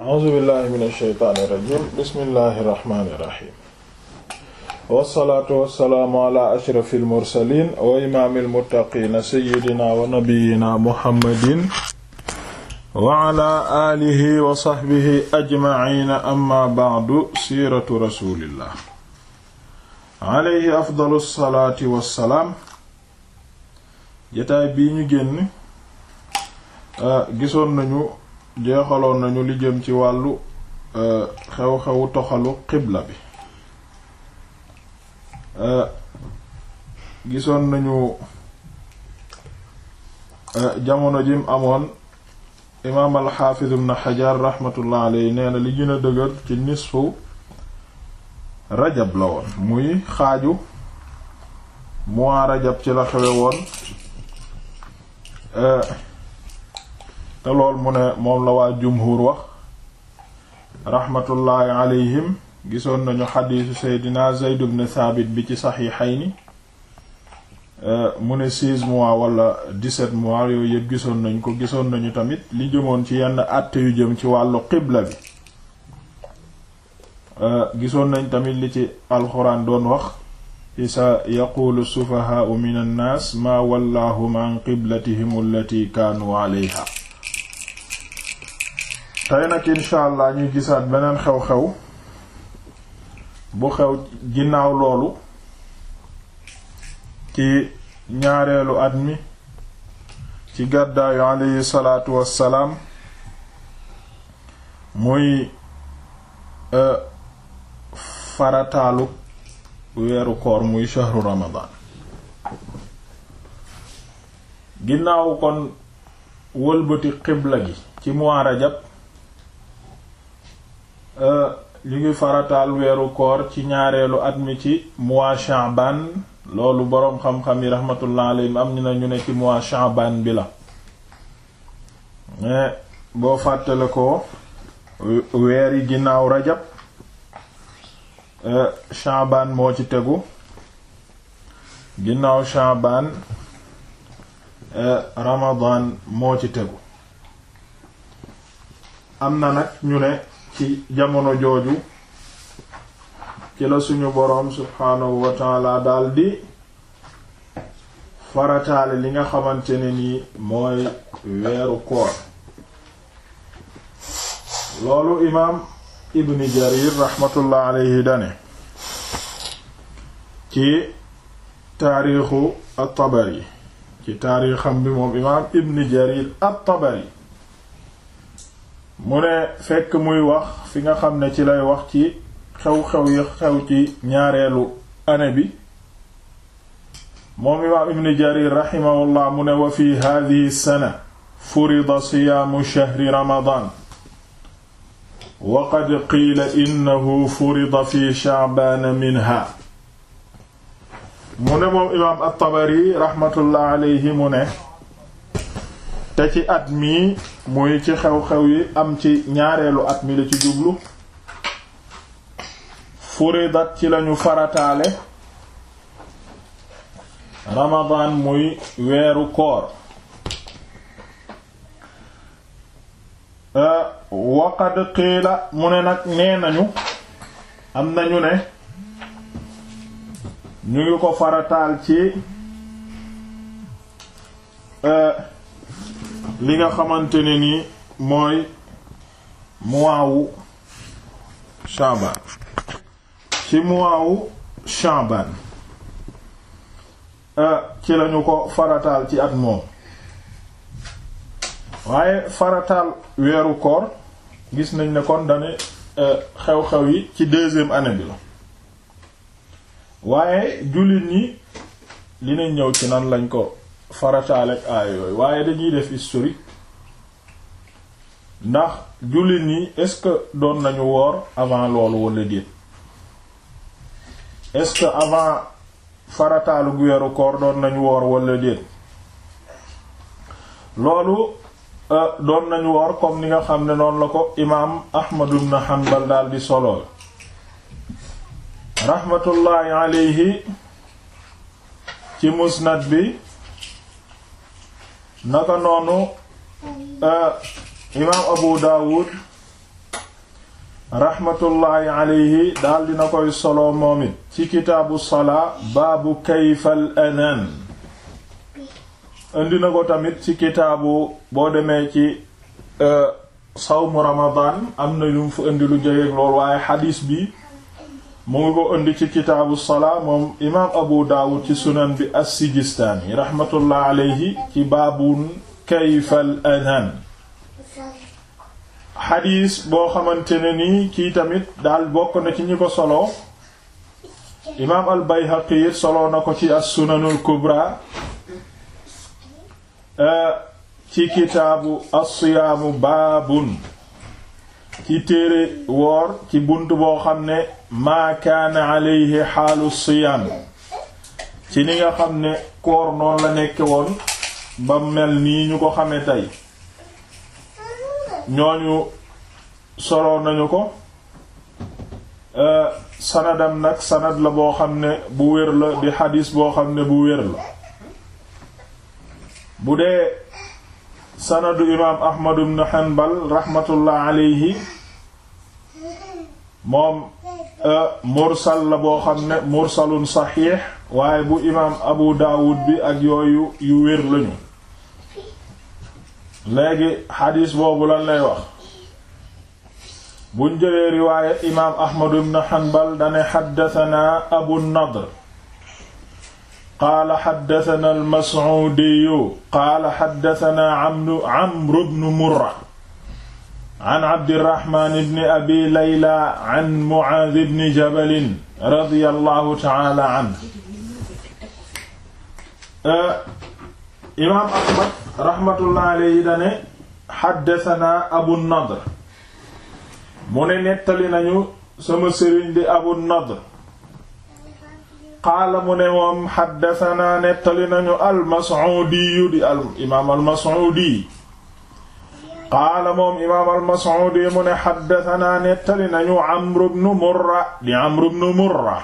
a'uuzu billahi min ashaytaani irajim bismillahi irrahmani irrahim wassalaatu wassalaamu ala ashrafi almursalin wa imaami almuttaqina sayidina wa nabiyina muhammadin wa ala aalihi wa saxbihi ajmaciina amma bacdu siiratu rasulillah alayhi afdalu salaati wassalaam jataay bii ñu génn ah, gisoon nañu jeexaloon nañu li jëm ci wàllu euh, xew-xewu toxalu xibla bi euh, gisoon nañu euh, jamono jim amoon imaam alxaafiz ibn xajar raxmatullah alayhi nee na li gën a dëgër ci nisfu rajab la woon muy xaaju mois rajab ci la xewe woon te lool mu ne moom la waa jumhur wax raxmatullaahi alayhim gisoon nañu xadiisu seydina Zayd ibn Thabit bi ci saxiixayni mu ne 16 mois wala 17 mois yooyu yëpp gisoon nañ ko gisoon nañu tamit li jëmoon ci yenn àtte yu jëm ci wàllu qibla bi gisoon nañ tamit li ci alxuraan doon wax ci sa yaquulu sufahaau min annaas maa wallaahum an qiblatihim allati kaanu alayha tey nag incha allah ñuy gisaat beneen xew-xew bu xew ginnaaw loolu ci ñaareelu at mi ci gàddaayu aleyhi salaatu wassalaam muy e, farataalu weeru koor muy shahru ramadan ginnaaw kon wëlbati xibla gi ci mois rajab li euh, ngi farataal weeru koor ci ñaareelu at mi ci mois Sha'ban loolu boroom xam-xam yi rahmatullah alayhim am ñu ne ñu ne ci mois Sha'ban bi la boo fàttale ko euh, weer yi ginnaaw rajab Sha'ban euh, moo ci tegu ginnaaw Sha'ban Ramadan moo ci tegu am na nag ñu ne ci jamono jooju ci la suñu boroom subhaanahu wa taala daldi farataale li nga xamante ne ni mooy weeru koor loolu imaam ibn jarir raxmatullah alayhi dane ci taarixu at-Tabari ci taarixam bi moom imaam ibn jarir at-Tabari mu ne fekk muy wax fi nga xam ne ci lay wax ci xew-xew yi xew ci ñaareelu année bi moom imaam ibn jarir raximahullah mu ne wa fi hadihi sana furida siyaamu shahri ramadan wa qad qiila innahu furida fi sha'baan minha mu ne moom imaam at-tabari raxmatullah alayhi mu ne te ci at mii muy ci xew-xew yi am ci ñaareelu at mi la ci jublu furidat ci lañu farataale ramadaan muy weeru koor euh, waqad qiila mu ne nag nee nañu am nañu ne ñu ngi ko farataal ci euh, li nga xamante ne ni mooy mois wu Shaban ci mois wu euh, ci lañu ko farataal ci at moom waaye farataal weeru koor gis nañ ne kon dane euh, xew-xew yi ci deuxième année bi la waaye jullit ñi li nañ ñëw ci nan lañ ko farataal aay yooyu waaye dañuy def historique ndax jullit ñi est-ce que doon nañu woor avant loolu wala déet est-ce que avant farataalu weeru koor doon nañu woor wala déet loolu euh, doon nañu woor comme ni nga xam ne noonu la ko imaam Ahmad ibn Hanbal daal di solo rahmatullahi alayhi ci musnad bi naka noonu euh, imaam abu daawud raxmatullaahi alayhi daal dina koy solo moom it ci kitaabu salaa baabu kayfal adaan indi na ko tamit ci kitaabu boo demee ci euh, sawmu ramadaan am na lu mu indi lu jege lool waaye xadiis bi mu ngi ko indi ci kitaabu salaa moom imaam abu daawud ci sunan bi as-sijistaani raxmatullah alayhi ci baabun kayfal adaan xadiis boo xamante ne nii kii tamit daal bokk na ci ñi ko solo imaam al bayhaqi solo na ko ci as-sunanul kubra eh, ci kitaabu as-siyaamu baabun ci téere woor ci bunt boo xam ne maa kaana alayhi xaalu siyaam ci li nga xam ne koor noonu la nekke woon ba mel nii ñu ko xame tey ñooñu solo nañu ko euh, sanadam nag sanad la boo xam ne bu wér la di xadiis boo xam ne bu wér la bu dee sanadu imaam ahmad ibn hanbal rahmatullah alayhi moom Euh, mursal la boo xam ne mursalun saxiix waaye bu imaam abu daawud bi ak yooyu yu wér lañu léegi xadiis boobu lan lay wax buñ jëlee riwaaya imaam ahmadu ibn hanbal dane xaddatanaa abu nadr qaala xaddatanaa almascuudiyu qaala xaddatanaa amru ibn murra an abdirahman ibni abi layla an muaaz ibni jabalin radiyallahu taala an imaam ahmad rahmatullah alayhi dane xaddasanaa abu nadr mu ne nettali nañu sama sëriñ di abu nadr qaala mu ne moom xaddasanaa nettali nañu almas'uudi di imaam almas'uudi qaala moom imaam al-Mas'uudi mu ne xaddatanaa nettali nañu Amru bnu Murra di Amru bnu Murra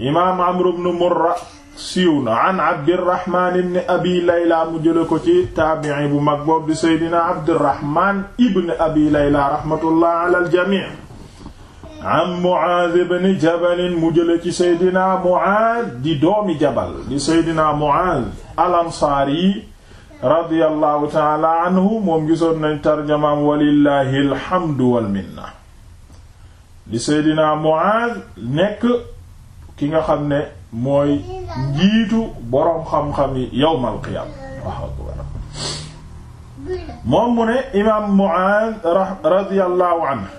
imaam Amru bnu Murra siiw na an Abdirahmaan ibn Abi Layla mu jële ko ci taabi'i bu mag boobu di Seydina Abdirahmaan ibn Abi Layla rahmatullah ala al-jamii' an Mu'aaz ibn Jabal mu jële ci Seydina Mu'aaz di doomi Jabal di Seydina Mu'aaz al-Ansaari radiyallahu taala moom gisoon nañ tarjamaam walillahi alhamdu wal minna seydina Muaaz nekk ki nga xam ne mooy njiitu boroom xam-xam yi yawmal qiyaama moom mu ne imaam Muaaz radiyallahu anhu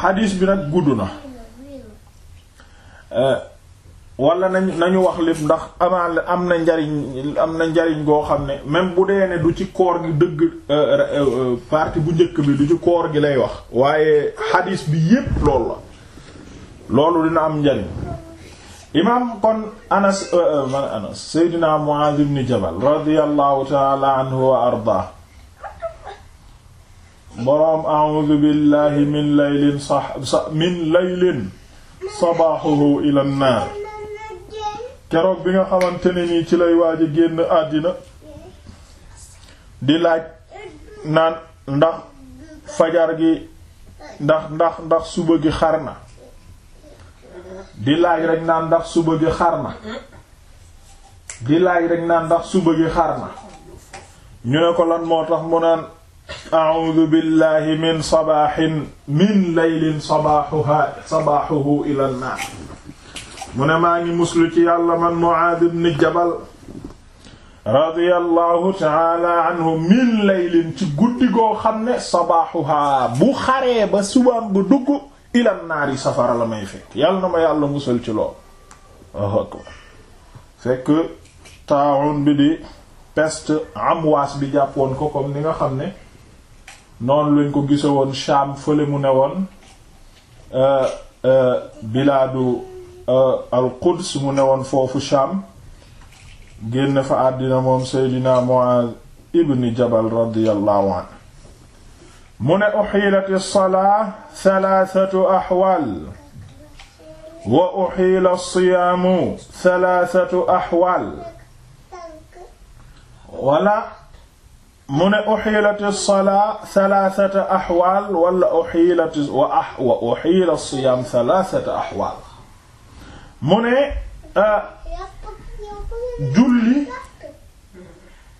xadiis eh, eh, bi nag gudd na eh, wala nañ nañu wax lépp ndax amaan am na njariñ am njariñ goo xam ne même bu dee ne du ci koor gi dëgg euh, euh, euh, partie bu njëkk bi du ci koor gi lay wax waaye xadiis bi yépp loolu la loolu dina am njariñ imaam kon anas man anas seydina Muaaz ibn Jabal radiyallahu taala anhu wa ardaa boroom a'uuzu billahi min laylin sabaaxuhu ila naar keroog bi nga xamante ne nii ci lay waaj génn àddina di laaj naan ndax fajar gi ndax ndax ndax suba gi xar na di laaj rek naan suba gi xar na di laaj rek naan suba gi xar ñu ne ko lan moo tax mu naan a'udhu billahi min sabaahin min laylin sabaahuha sabaahuhu ila an mu ne maa ngi musul ci yàlla man Muaad ibn Jabal radiyallahu taala anhu laylin ci guddi goo xam ne sabaaxuhaa bu xaree ba subaam ba dugg ilan naari safara la may fekk yàlla na ma yàlla musal ci lool fekk taawun bi di peste amwaas bi jàppoon ko comme ni nga xam ne noonu lañ ko gise woon Shaam fële mu ne woon euh, euh, bilaadu Euh, al Quds mu ne woon foofu Sham génn fa àddina moom seydina Muaaz ibn Jabal radiyallahu an mu ne uxiilat as-salaa thalathatu axwaal wa uxiila as-siyaamu thalathatu axwaal wala mu ne uxiilat as-salaa thalathatu axwaal wala uxiilat wa ah, uxiila as-siyaam thalathatu axwaal mu ne euh, julli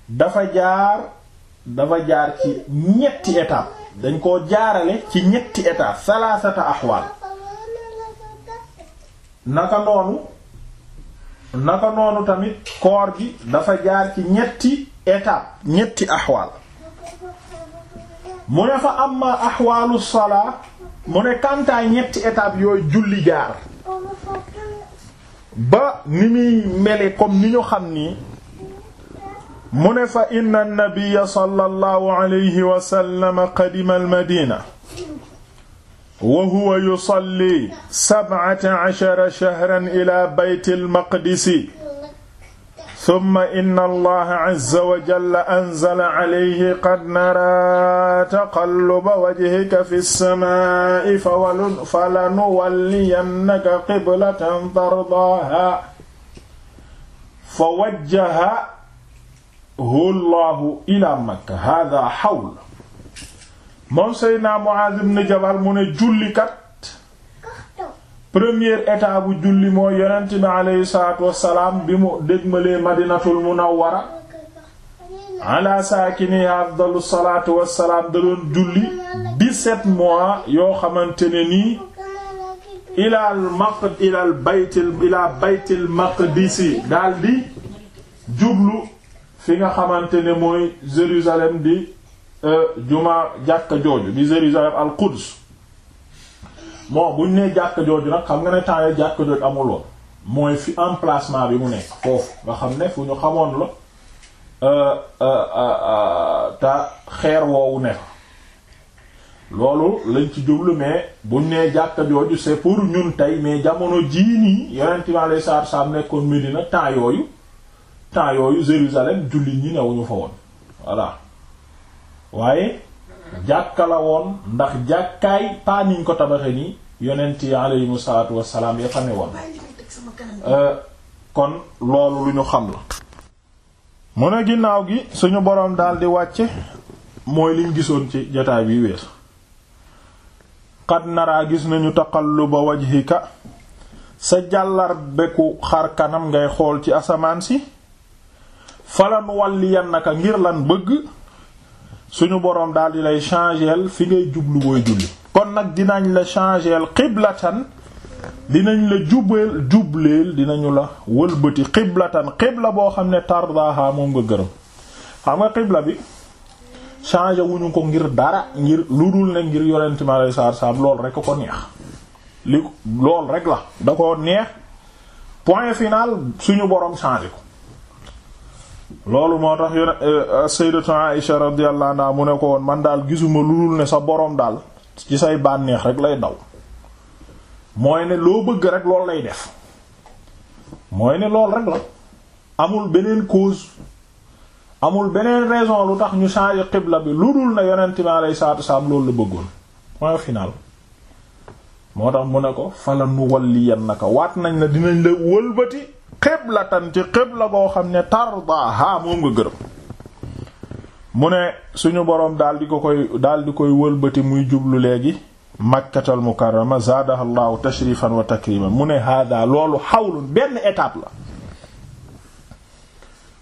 dafa jaar dafa jaar ci ñetti étape dañ koo jaarale ci ñetti étape salaasata axwaal naka noonu naka noonu tamit koor gi dafa jaar ci ñetti étape ñetti axwaal mu ne fa amma axwaalu salaa mu ne kantaa ñetti étape yooyu julli jaar ba ni muy mele comme ni ñu xam nii mu ne fa inna nabiyya sallallahu alayhi wa sallam qadima al-madina wa huwa yusalli sab'ata ashara shahran ila baytil maqdisi summa inna allaha azza wa jalla anzala alayhi qad naraa taqalluba wajhika fi samaa'i falanuwalliyannaka qiblatan tardaaha fawajjahahu llahu ilaa makka haaza hawl moom Seydina Muaaz ibn Jabal mu ne jullikat première étape bu julli mooy yonent bi aleyhi bi mu dégmalee madinatul munawwara ala saakini afdalu salaatu wassalaam da doon julli 17 mois yoo xamante ne nii ilaal maq ilaal baytil ilaa baytil maqdisi daldi jublu fi nga xamante ne mooy Jérusalem di euh, jumaa jàkka jooju di Jérusalem al moo bon buñ nee jàkk jooju nag xam nga ne temps yii jàkk jooju amul woon mooy fi bi mu nekk foofu nga xam ne fu ñu xamoon la euh, euh, euh, te xeer woowu loolu lañ ci jublu mais buñ nee jàkk jooju c'est pour ñun tey mais jamono jii nii yonent bi alayhi salaatu salaam nekkoon Medina temps yooyu temps yooyu Jérusalem jullit ñi newuñu fa woon voilà waaye. jàkka ndax jàkkaay paa niñ ko tabaxe nii yonent yi aleyhimu salaatu wassalaam ya fa ne woon euh, kon loolu lu ñu xam la mu ne ginnaaw gi suñu boroom daal di wàcce mooy liñ gisoon ci jataay bi weesu qad naraa gis nañu taqalluba wajhika sa jàllar beku xar kanam ngay xool ci asamaan si falan walli yan naka ngir lan bëgg suñu boroom daal di lay changeel fi ngay jublu booy julli kon nag dinañ la changeel qiblatan dinañ la jubeel jubleel dinañu la wëlbati qiblatan qibla boo xam ne tardaha moom nga gërëm xam nga qibla bi changé wuñu ko ngir dara ngir lu dul ne ngir yonent mi alayhi salaatu salaam lool rek ko neex li lool rek la da ko neex point final suñu boroom changé ko loolu moo tax yone euh, euh, sayyidatu Aisha radiyallahu anha mu ne ko woon man daal gisuma lu dul ne sa boroom daal ci say bànneex rek lay daw mooy ne loo bëgg rek loolu lay def mooy ne loolu rek la amul beneen cause amul beneen raison lu tax ñu changer xibla bi lu dul ne yonent lay saatu sa wasalaam loolu la bëggoon point final moo tax mu ne ko fala nu naka waat nañ la dinañ la wëlbati qiblatan ci qibla goo xam ne tardaaha moom nga gërëm mu ne suñu boroom daal ko koy daal di koy wëlbati muy jublu léegi makkatal mukarrama zaadaha llahu tashrifan wa takriman mu ne hada loolu xawlun benn étape la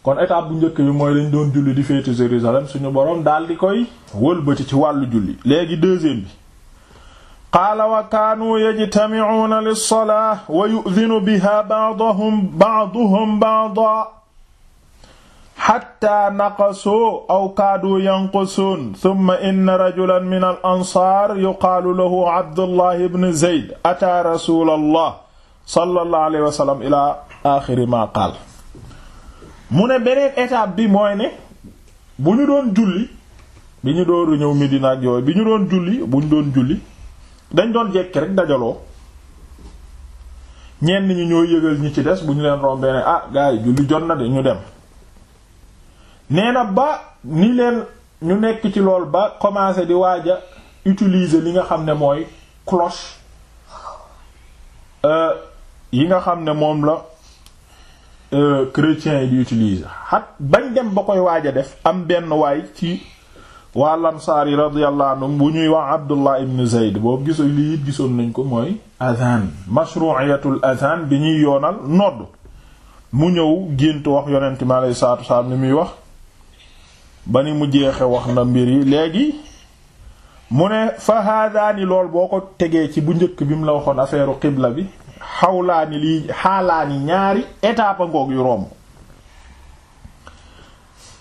kon étape bu njëkk bi mooy dañ doon julli di féete Jérusalem suñu boroom daal di koy wëlbati ci wàllu julli léegi deuxième bi qaala wa kaanuu yajtamicuuna lilsolaa wa yudinu biha baaduhum baaduhum baada xatta naqasuu aw kaaduu yanqusuun summa inna rajulan min al ansaar yuqaalu lahu abdullah ibn zeyd ataa rasul allah sallallahu alayhi wa sallam ila axiri maa qaal mu ne beneen étape bi mooy ne bu ñu doon julli bi ñu dooru ñëw Medina ak yooyu bi ñu doon julli bu ñu doon julli dañ doon jekki rek dajaloo ñenn ñi ñoo yëgal ñi ci des bu ñu leen rombee ne ah gars yi julli jot na de ñu dem nee ba ni leen ñu nekk ci lool ba commencé di waaja utiliser li nga xam ne mooy cloche euh, yi nga xam ne moom la euh, chrétiens yi di utiliser xat bañ dem ba koy waaja def am benn waay ci waa lansaar yi radiyallahu bu ñuy wax abdullah ibn zayd boobu gisul lii it gisoon nañ ko mooy adhan mashru'iyatul adhan bi ñuy yoonal nodd mu ñëw gént wax yonent mi alayhi salaatu wasalaam ni muy wax ba ni mu jeexe wax na mbir yi léegi mu ne fa haadaani lool boo ko tegee ci bu njëkk bi mu la waxoon affaire qibla bi xawlaani lii xaalaani ñaari étape ngoog yu romb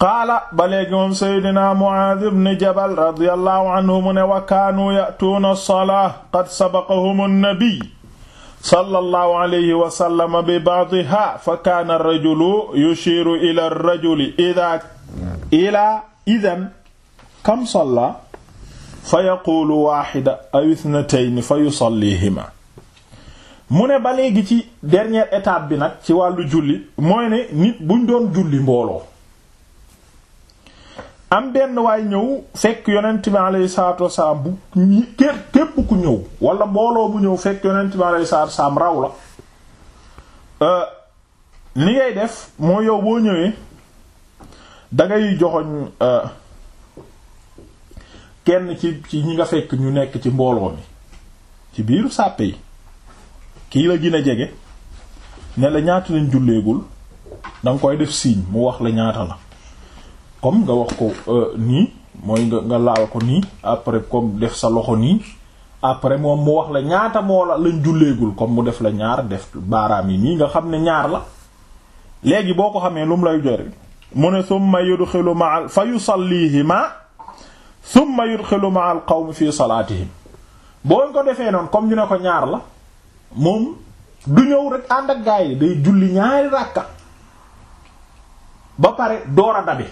qaala ba léegi moom seydina Muaaz ibn Jabal radiyallahu anhu mu ne wa kaanu ya'tuuna as-salaata qad sabaqahum an-nabiy sallallahu alayhi wa sallam bi ba'dihaa fa kaana ar-rajulu yushiiru ilaa ar-rajuli idaa ilaa idan kam sallaa fa yaquulu waahida aw ithnatayni fa yusalliihimaa mu ne ba léegi ci dernière étape bi nag ci wàllu julli mooy ne nit buñ doon julli mbooloo am benn waay ñëw fekk yonent bi alayhi salaatu wasalaam bu kër képp ku ñëw wala mbooloo bu ñëw fekk yonent bi alayhi salaatu wasalaam raw la euh, li ngay def moo yow boo ñëwee dangay joxoñ euh, kenn ci ci ñi nga fekk ñu nekk ci mbooloo mi ci biiru sàppe yi kii la gën jege ne la ñaata lañ julleegul danga koy def signe mu wax la ñaata la comme nga wax ko euh, nii mooy nga nga laal ko nii après comme def sa loxo nii après moom mu wax la ñaata moo la lañ julleegul comme mu def la ñaar def baaraam yi nii nga xam ne ñaar la léegi boo ko xamee lu mu lay jore mu ne summa yudxilu ma fa yusallihima summa yudxilu ma al qawmi fi salaatihim boo ko defee noonu comme ñu ne ko ñaar la moom du ñëw rek ànd ak gaay yi day julli ñaari ràkka ba pare door a dabe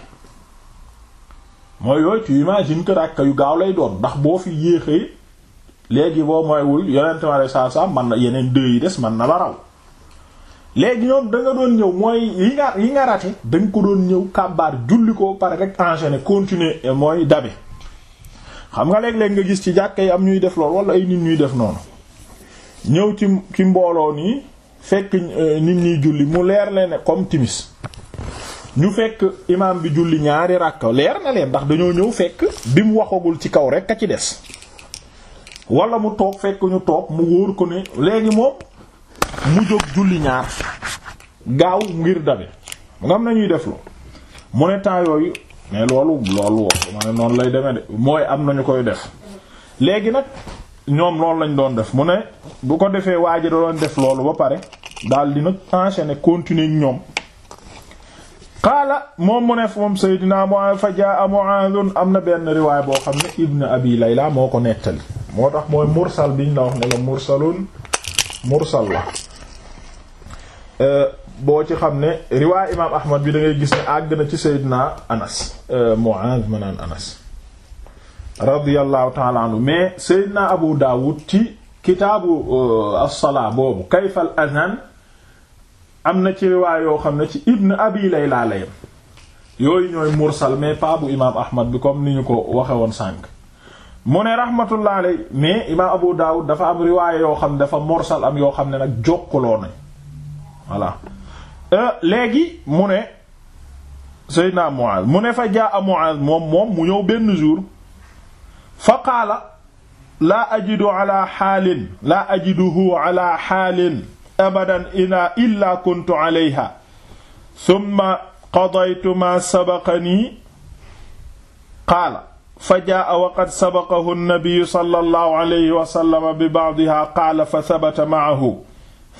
mooy yooyu tu imagines kër ràkka yu gaaw lay doon ndax boo fi yéexee léegi boo moywul yonent ma saa saa man na yeneen deux yi des man na la raw léegi ñoom da doon ñëw mooy yi nga yi nga rate da ko doon ñëw kàbbaar julli ko pare rek enchaîner continuer mooy dabe xam nga léeg-léeg nga gis ci jàkk yi am ñuy def lool wala ay nit ñuy def noonu ñëw ci ci mbooloo nii fekk euh, nit ñiy julli mu leer leen ne comme timis ñu fekk imaam bi julli ñaari ràkka leer na leen ndax dañoo ñëw fekk bi mu waxagul ci kaw rek a ci des wala mu toog fekk ñu toog mu wóor ko ne léegi moom mu jóg julli ñaar gaaw ngir dabe ngam nañuy def lo mu temps yooyu mais loolu loolu ne noonu lay demee mooy am nañu koy def léegi nag ñoom loolu lañ doon def mu ne bu ko defee waa ji da doon def loolu ba pare daal di nag ne continuer ñoom qaala moom mu ne moom Seydina Mu'aaz fa jaa Mu'aaz am na benn riwaay boo xam ne Ibn Abi Layla moo ko nettali moo tax mooy mursal biñ la wax ne la mursalun mursal la euh, boo ci xam ne riwaay imaam Ahmad bi da ngay gis ne àgg na ci Seydina Anas euh, Mu'aaz ma naan Anas radiyallahu ta'ala anhu mais Seydina Abu Daawud ci kitaabu euh, as-salaa boobu kayfa al-azaan am na ci riwaay yoo xam ne ci ibn abi layla la yem yooyu ñooy mursal mais pas imaam ahmad bi comme ni ñu ko waxe woon sànq mu ne rahmatullah mais imaam abu daawud dafa am riwaay yoo xam ne dafa mursal am yoo xam ne nag jokkaloo nañ voilà euh, léegi mu ne Seydina Muaz mu ne fa jaa Muaz moom moom mu ñëw benn jour fa qaala laa ajidu ala xaalin laa ajiduhu ala xaalin abadan ila illa kuntu alayha summa qadaytu ma sabaqani qaala fa jaa wa qad sabaqahu nnabiyu sallallahu alayhi wa sallam bi ba'diha qaala fa thabata ma'ahu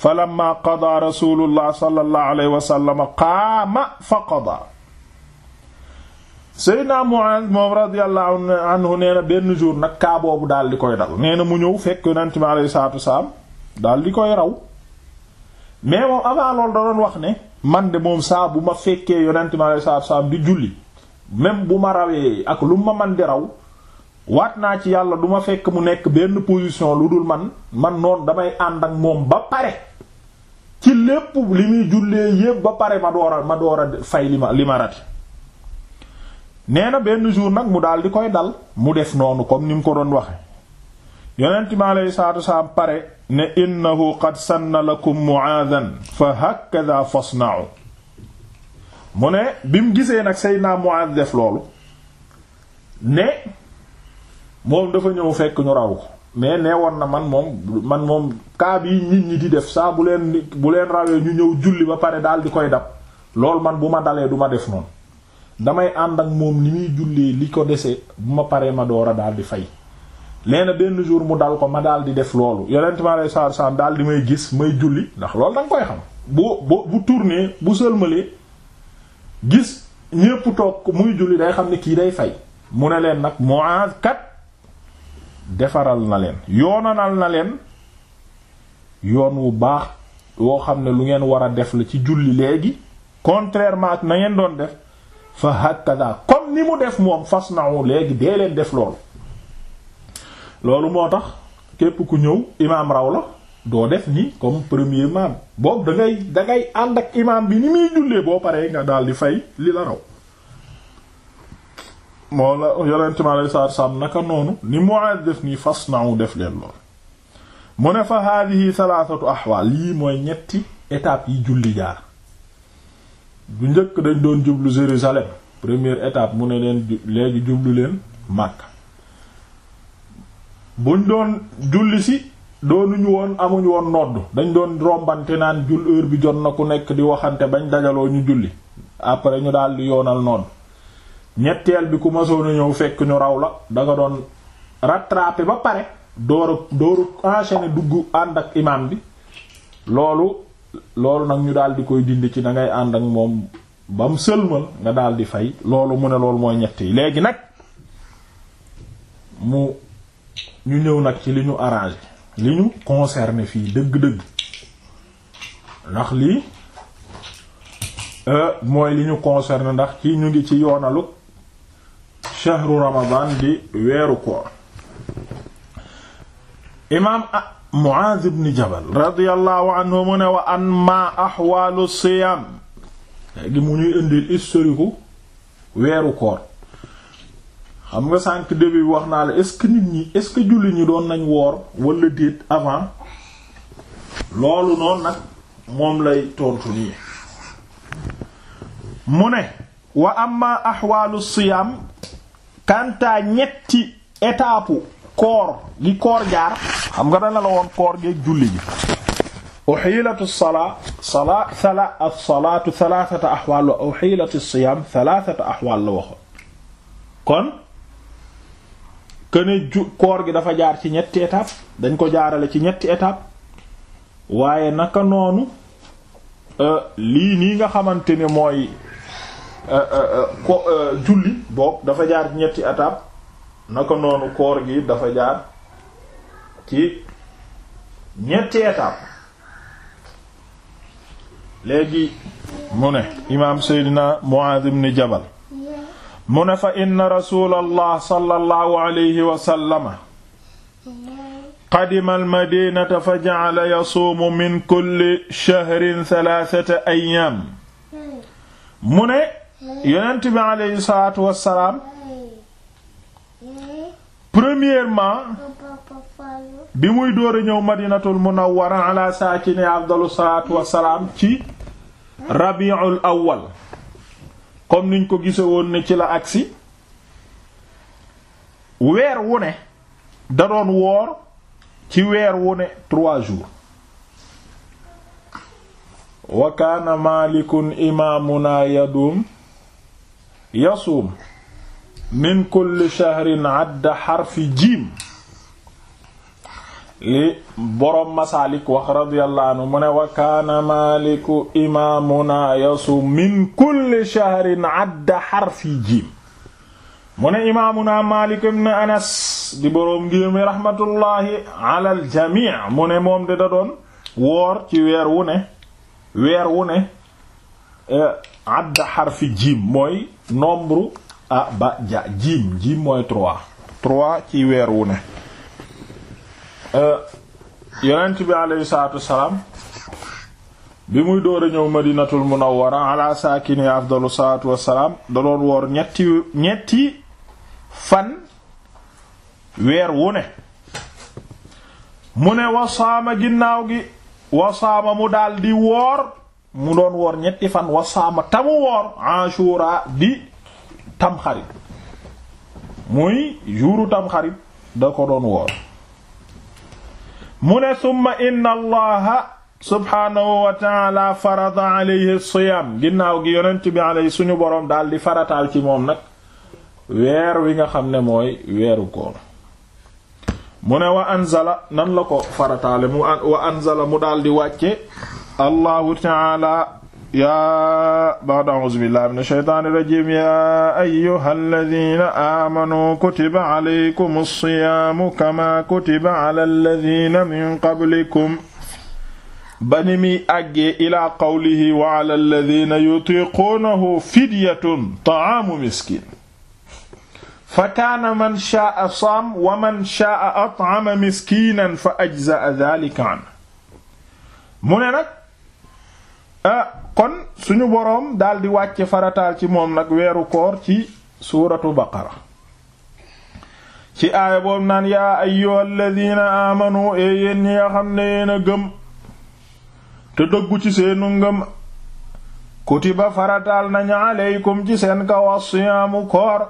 falamma qadaa rasulullah sallallahu alayhi wa sallam qaama fa qadaa Seydina Mu'aaz moom radiyallahu anhu nee na benn jour nag kaa boobu daal di koy dal nee na mu ñëw fekk yonent mi alayhi salaatu wa salaam daal di koy raw mais moom avant loolu da doon wax ne man de moom saa bu ma fekkee yonent mi alayhi salaatu di julli même bu ma rawee ak lu ma man di raw waat naa ci yàlla du ma fekk mu nekk benn position lu dul man man noonu damay ànd ak moom ba pare ci lépp li muy jullee yépp ba pare ma doora a ma door a fay li ma rati nee na benn jour nag mu daal di koy dal mu def noonu comme ni mu ko doon waxe yonent mi aleyhi salaatu wasalaam pare ne innahu qad sanna lakum mu'aadan fa hakadha fasna'u mu ne bi mu gisee nag Seydina Mu'aaz def loolu ne moom dafa ñëw fekk ñu raw ko mais nee woon na man moom man moom kaa bi nit ñi di def saa bu leen bu leen rawee ñu ñëw julli ba pare daal di koy dab loolu man bu ma dalee du ma def noonu damay ànd ak moom ni muy jullee li ko dese bu ma paree ma door a daal di fay nee benn jour mu dal ko ma daal di def loolu yonent bi alayhi salaatu salaam daal di may gis may julli ndax loolu da nga koy xam bu bu bu tourné bu sëlmalee gis ñépp toog muy julli day xam ne kii day fay mu ne leen nag Muaaz kat defaral na leen yoonanal na leen yoon wu baax woo xam ne lu ngeen war a def la ci julli léegi contrairement ak na ngeen doon def fa hakada comme ni mu def moom fas nawu léegi dee leen def loolu loolu moo tax képp ku ñëw imaam raw la doo def ni comme premièrement boobu da dangay da ànd ak imaam bi ni muy jullee boo paree nga daal di fay li la raw moo la yonente mi alei salatu salaam naka noonu ni Muaad def nii fas nau def leen lool mu ne fa haadihi thalathatu ahwaal lii mooy ñetti étape yi julli jaar bu njëkk dañ doon jublu Jérusalem premier étape mu ne leen léegi jublu leen Makka buñ doon julli si doonuñu woon amuñu woon nodd dañ doon rombante naan jul heure bi jot na ku nekk di waxante bañ dajaloo ñu julli après ñu daal di yoonal nodd ñetteel bi ku masoon ñëw fekk ñu raw la danga doon rattraper ba pare dooru dooru enchaîner dugg ànd ak imam bi loolu loolu nag ñu daal koy dindi ci da ngay ànd ak moom ba mu sëlmal nga daal di fay loolu mu ne loolu mooy ñett yi léegi nag ñu ñëw nag ci li ñu arrangé li ñu concerné fii dëgg-dëgg ndax lii euh, mooy li ñu concerné ndax ci ñu ngi ci yoonalu shahru ramadan di weeru koor imaam Muaaz ibn Jabal radiyallahu anhu mu ne wa an ma ahwaalu siyaam léegi mu ñuy indil historique weeru koor xam nga sànq début wax naa la est-ce que nit ñi est-ce que julli ñi doon nañu woor wala déet avant loolu noonu nag moom lay tontu nii mu ne wa amma axwaalu siyaam kantaa ñetti étape koor gi koor jaar xam nga dana la woon koor geeg julli ji uxiilatu salaa salaa sala as-salaatu thalathata axwaal wa uxiilatu siyaam thalathata axwaal la waxoon këne ju koor gi dafa jaar ci ñetti étape dañ ko jaarale ci ñetti étape waaye naka noonu euh, lii nii nga xamante ne mooy euh, euh, ko julli boog dafa jaar ci ñetti étape naka noonu koor gi dafa jaar ci ñetti étape léegi mu ne imaam Seydina Muaaz ibn Jabal mu ne fa inna rasuulallah sallallahu alayhi wa sallama qadima almadinata fa jacala yasuumu min kulli shahrin talaatata ayyaam mu ne yonent bi aleyhi salaatu wassalaam premièrement bi muy door a ñëw madinatul munawwara ala saakini afdalu salaatu wassalaam ci rabiul awwal comme niñ ko gise woon ci la agsi weer wu ne woor ci weer wu ne trois jours wa kaana malikun imaamuna yadum yasuum min kulli shahrin adda xarfi jiim li boroom masaalik wax radiyallahu anhu mu ne wa kaana imaamuna yasu min kulli shahrin adda imaamuna maalik ibn anas di boroom ngir rahmatullahi ala jamii mu moom de da woor ci weer wu weer wu ne e, mooy nombre ah, ci weer wu Euh, yonent bi aleyhi salaatu wasalaam bi muy door a ñëw madinatul munawwara ala saakini afdalu salaatu wasalaam da doon woor ñetti ñetti fan weer wune mu ne wasaama ginnaaw gi wasaama mu daldi woor mu doon woor ñetti fan wasaama tamu woor ashura di tamxarit muy juuru tamxarit da ko doon woor mu ne summa inna allaha subhaanahu wa taala farada alayhi siyaam ginnaaw gi yonent bi alayhi suñu boroom daal di farataal ci moom nag weer wi nga xam ne mooy weeru koor mu ne wa anzala nan la ko farataale mu wa anzala mu daal di wàcce allahu taala yaa ba'd a'uuzu billahi mina shaytaani rajiim yaa ayyuhal laziina aamanuu kutiba alaykumu siyaamu kamaa kutiba alal laziina min qablikum bani mi àggee ilaa qawlihi wa alal laziina yutiiquunahu fidyatun ta'aamu miskiin fa kaana man shaa'a saama wa man shaa'a at'ama miskiinan fa ajza'a dhaalika anhu mu ne nag Ah, kon suñu boroom daldi wàcce farataal ci moom nag weeru koor ci suuratu baqara ci aaya boobu naan yaa ayyuhal ladina aamanu e yéen ñi xam ne yéen gëm te dëggu ci seenu ngëm kutiba farataal nañu aleykum ci seen kaw as koor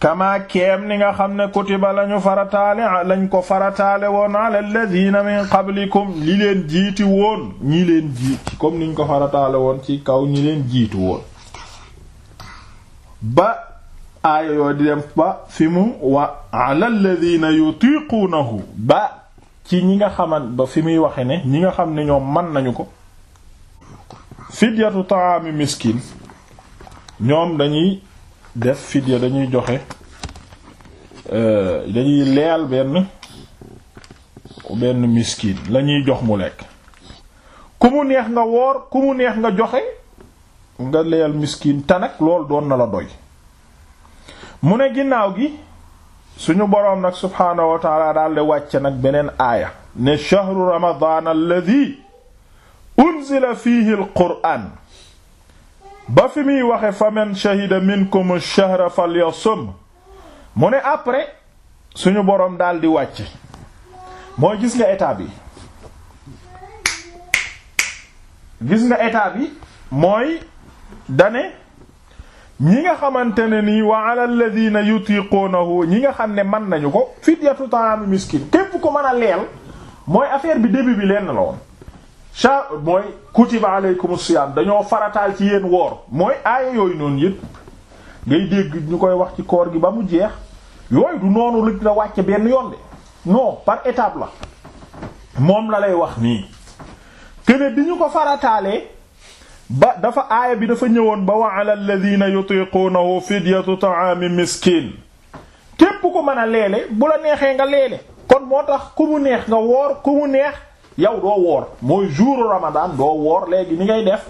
kama keem ni nga xam ne kutiba lañu farataale lañ ko farataale woon ala alladhina min qablikum li leen jiiti woon ñi leen jiiti comme niñ ko farataale woon ci kaw ñi leen jiitu woon ba aaya yooyu di dem ba fi mu wa ala alladhina yutiqunahu ba ci ñi nga xaman ba fi muy waxe ne ñi nga xam ne ñoom mën nañu ko fidyatu ta'ami miskin ñoom dañuy def fidya dañuy joxe euh, dañuy leel benn benn miskin lañuy jox mu lekk ku mu neex nga woor ku mu neex nga joxe nga leyal miskin tanak lool doon na la doy mu ne ginnaaw gi suñu boroom nag subhaanahu wa taala wàcce nag beneen aaya ne shahru ramadan alladhi unzila fihi alquran ba fi muy waxe faman shahida minkum ash-shahra falyasum mu ne après suñu boroom daal di wàcc mooy gis nga état bi gis nga état bi mooy dane ñi nga xamante ne nii wa ala alladhina yutiqunahu ñi nga xam ne mën nañu ko fidyatu ta'am miskin tépp ko mën a leel mooy affaire bi début bi lenn la woon sha mooy kutiba aleykum dañoo farataal ci yéen woor mooy aaya yooyu noonu yëpp ngay dégg ñu koy wax ci koor gi ba mu jeex yooyu du noonu lu la wàcc benn yoon de non par étape la moom la lay wax nii kene bi ñu ko farataalee ba dafa aaya bi dafa ñëwoon ba wa ala alladhina yutiqunahu fidyatu ta'ami miskin képp ku mën a leele bu la neexee nga leele kon moo tax ku mu neex nga woor ku mu neex yow doo woor mooy jour ramadan doo woor léegi ni ngay def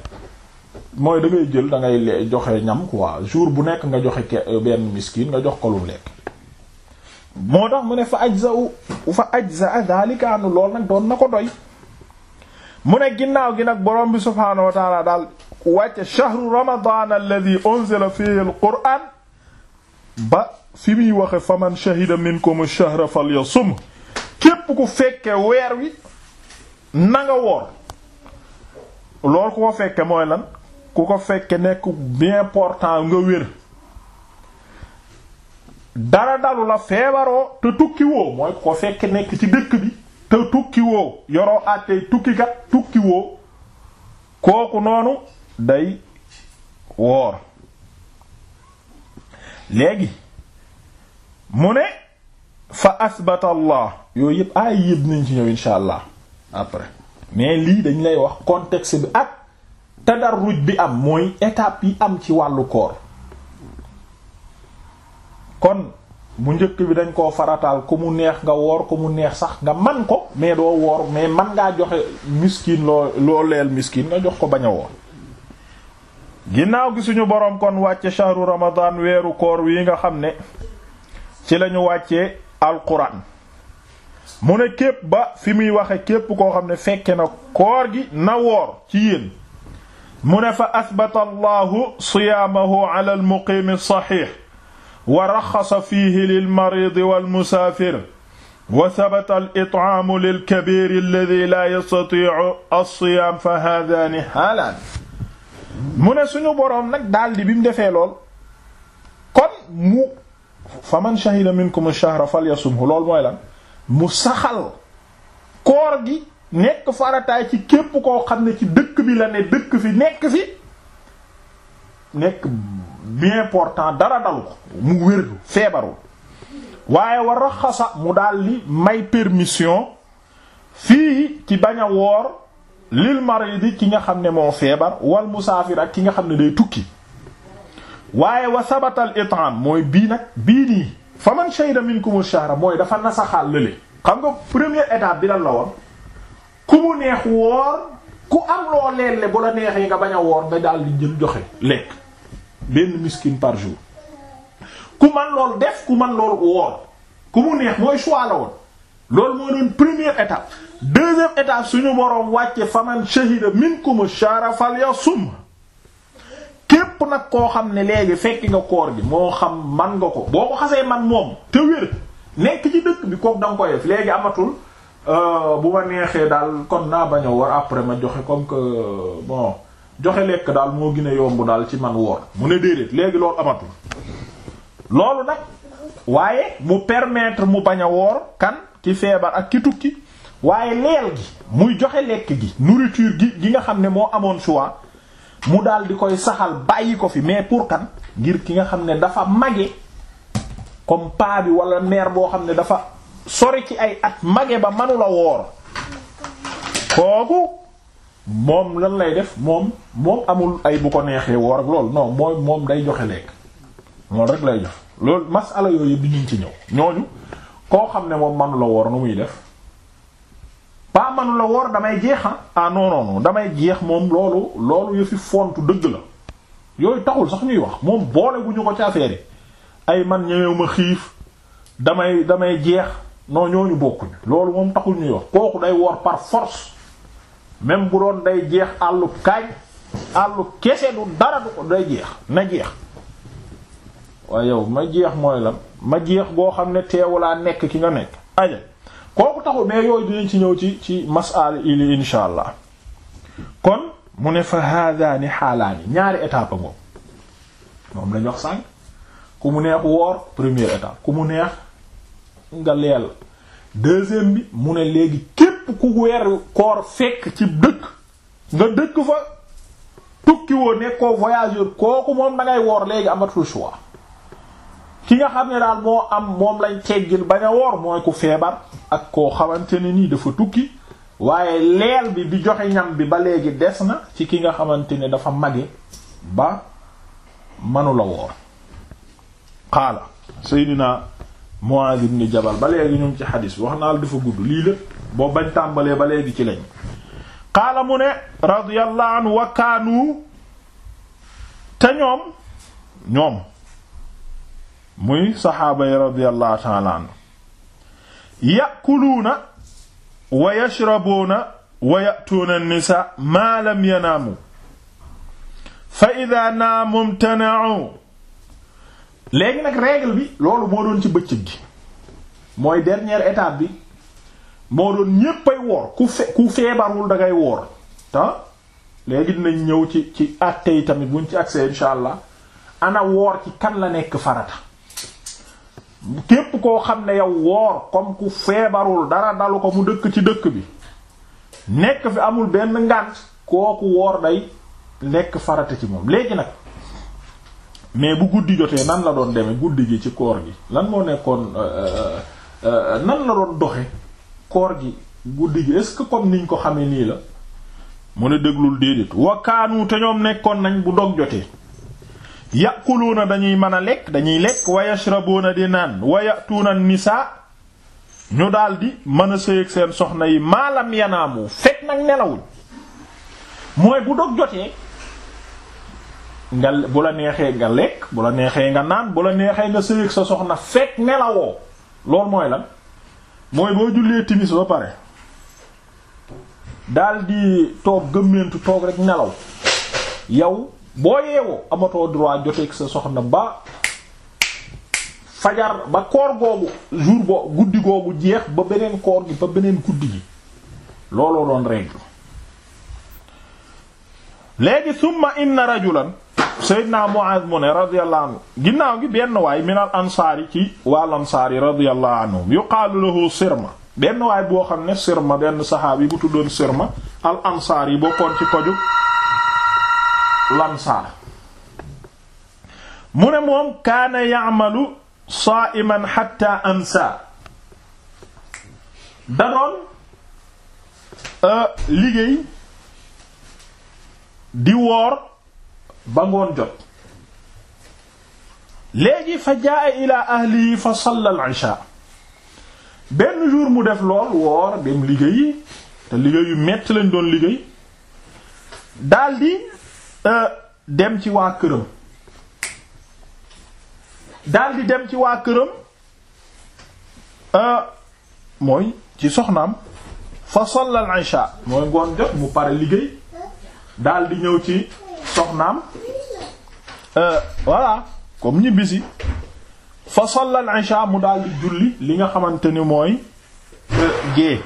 mooy da jël dangay ngay joxe ñam quoi jour bu nekk nga joxe euh, benn miskin nga jox ko lu lekk moo tax mu ne fa ajza fa ajza daalika anu lool nag doon na ko doy mu ne ginnaaw gi nag borom bi subhaanahu wa taala daal wàcce shahru ba fi muy waxe faman shahida minkum ash-shahra falyasum képp ku fekke weer wi na nga woor loolu ku ko fekke mooy lan ku ko fekke nekk bien portant nga wér dara dalu la feebaroo te tukki woo mooy ku ko fekke nekk ci dëkk bi te tukki woo yoroo àttee tukki tukki woo kooku noonu day woor léegi mu ne fa asbata allah yooyu yëpp ay yëpp nañ ñëw insha allah après mais lii dañ lay wax contexte bi ak tadarruj bi am mooy étape yi am ci wàllu koor kon bu njëkk bi dañ koo farataal ku mu neex nga woor ku mu neex sax nga man ko mais doo woor mais man ngaa joxe miskin loo loo leel miskin nga jox ko bañ a woor ginnaaw gi suñu boroom kon wàcce shahru ramadan weeru koor wi nga xam ne ci lañu wàcce alquran mu ne képp ba fi muy waxe képp koo xam ne fekke na koor gi na woor ci yéen mu ne fa asbata allahu siyaamahu ala almuqiimi alsaxix wa raxasa fiihi lilmaridi walmusaafir wa sabata alitaamu lilkabiri alladi la yastatiu alsiyaam fa haadaani haalaan mu ne suñu boroom nag daldi bi mu defee lool kon mu fa man shahida minkum ash-shahra falyasumhu lool mooy lan mu saxal koor gi nekk farataay ci képp koo xam ne ci dëkk bi la ne dëkk fi nekk fi nekk bien important dara dalu ko mu wér feebarul waaye wa raxasa mu di may permission fii ci bañ a woor lil maridi ki nga xam ne moo feebar wal musaafir ak ki nga xam ne day tukki waaye wa sabatal itam mooy bii nag bii nii fa man shahida minkum ash-shahra mooy dafa nasaxaal lële xam nga première étape bi lan la woon ku mu neex woor ku am loo leelle bu la neexee nga bañ a woor nga daal di jël joxe lekk benn miskin par jour ku man loolu def ku man loolu woor ku mu neex mooy choix la woon loolu moo doon première étape deuxième étape suñu boroom wàcce faman shahida minkum ash-shahra falyasum képp nag koo xam ne léegi fekki nga koor gi moo xam man nga ko boo ko xasee man moom te wér nekk ci dëkk bi kooku da koy léegi amatul euh, bu ma neexee daal kon naa bañ a woor après ma joxe comme que euh, bon joxe lekk daal moo gin a yomb daal ci man woor mu ne déedéet léegi loolu amatul loolu nag waaye mu permettre mu bañ a woor kan ki feebar ak ki tukki waaye leel gi muy joxe lekk gi nourriture gi gi nga xam ne moo amoon choix mu daal di koy saxal bàyyi ko fi mais pour kan ngir ki nga xam ne dafa mage comme paa bi wala mère boo xam ne dafa sori ci ay at mage ba manula woor kooku moom lan lay def moom moom amul ay bu ko neexee woor ak loolu non moom day joxe lekk loolu rek lay jox loolu masala yooyu bi ñu ci ñëw ñooñu koo xam ne moom manula woor nu muy def paa manu la woor damay jeexa ah, ah non damay jeex moom loolu loolu yëfi fontu dëgg la yooyu taxul sax ñuy wax moom boole bu ñu ko ci affaire ay man ñëwew ma xiif damay damay jeex non ñooñu bokkuñ loolu moom taxul ñuy wax kooku day woor par force même bu doon day jeex àllu kaay àllu kese du dara du ko day jeex na jeex waaye yow ma jeex mooy la ma jeex boo xam ne laa nekk ki nga nekk aja kooku taxu mais yooyu dinañ ci ñëw ci ci masal ili insha allah kon mu ne fa haadaani xaalaani ñaari étape moom moom lañ wax sànq ku mu neex woor première étape ku mu neex nga leel deuxième bi mu ne léegi képp ku weer koor fekk ci dëkk nga dëkk fa tukki woo nekkoo voyageur kooku moom da ngay woor léegi amatul choix ki nga xam ne daal moo am moom lañ teggil bañ a woor mooy ku feebar ak koo xamante ne nii dafa tukki waaye leel bi di joxe bi ba léegi des na ci ki nga xamante ni dafa mage ba manula woor qaala seydina Muaaz ibn Jabal ba léegi ñu ci xadis wax naa la dafa gudd lii lépp boo bañ tàmbalee ba léegi ci lañ qaala mu ne radiyallahu anhu wa te ñoom ñoom muy saxaaba yi radiyallahu ta'ala anhu ya'kuluuna wa yashrabuuna wa ya'tuuna an maa lam yanaamu fa idaa naamu imtana'u léegi nag règle bi loolu moo doon ci bëccëg gi mooy dernière étape bi moo doon ñéppay woor ku feebarul da ngay woor ta léegi nañ ñëw ci ci àtte yi tamit buñ ci accès insha allah ana woor ci kan la nekk farata képp koo xam ne yow woor comme ku feebarul dara dalu ko mu dëkk ci dëkk bi nekk fi amul benn ngànt kooku woor day nekk farata ci moom léegi nag mais bu guddi jotee nan la doon demee guddi gi ci koor gi lan moo nekkoon euh, euh, euh, nan la doon doxe koor gi guddi est-ce que comme niñ ko xamee nii la mu ne déglul déedéet wakkaanu te ñoom nekkoon nañ bu dog jotee na dañuy mën a lekk dañuy lekk wa yashrabuuna di naan wa yatuuna nisaa ñu daldi mën a sëyeeg seen soxna yi maalam yanaamu fekk nag nelawuñ mooy bu dog jotee nga bu la neexee nga lekk bu la neexee nga naan bu la neexee nga sëyeeg sa soxna fekk nelawoo loolu mooy la mooy boo jullee timis ba pare daldi toog gëmmeentu toog rek nelaw yow boo yeewoo amatoo droit joteeg sa soxna ba fajar ba koor googu jour boo guddi googu jeex ba beneen koor gi ba beneen guddi gi looloo doon règle léegi summa inna rajulan Seydina Muaz mu ne radiyallahu anhu ginnaaw gi benn waay minal ansaar yi ci wal ansaar yi radiyallahu anhum yuqaalu lahu sirma benn waay boo xam ne sirma benn saxaabi bu tuddoon sirma al ansaar yi bokkoon ci koju lansaar mu ne moom kaana ya'malu saa'iman hatta amsa da doon euh, liggéey di woor ba ngoon jot léegi fa jaa ila ahlihi fa salla al-isha benn jour mu def lool woor dem liggéey te liggéey yu metti lañ doon liggéey daldi Euh, dem ci waa këram daldi dem ci waa këram euh, mooy ci soxnaam fa salla al mooy ngoon jot mu pare liggéey daldi ñëw ci soxnaam euh, voilà comme ñu bisi fa salla al isha mu daldi julli li nga xamante ni mooy gée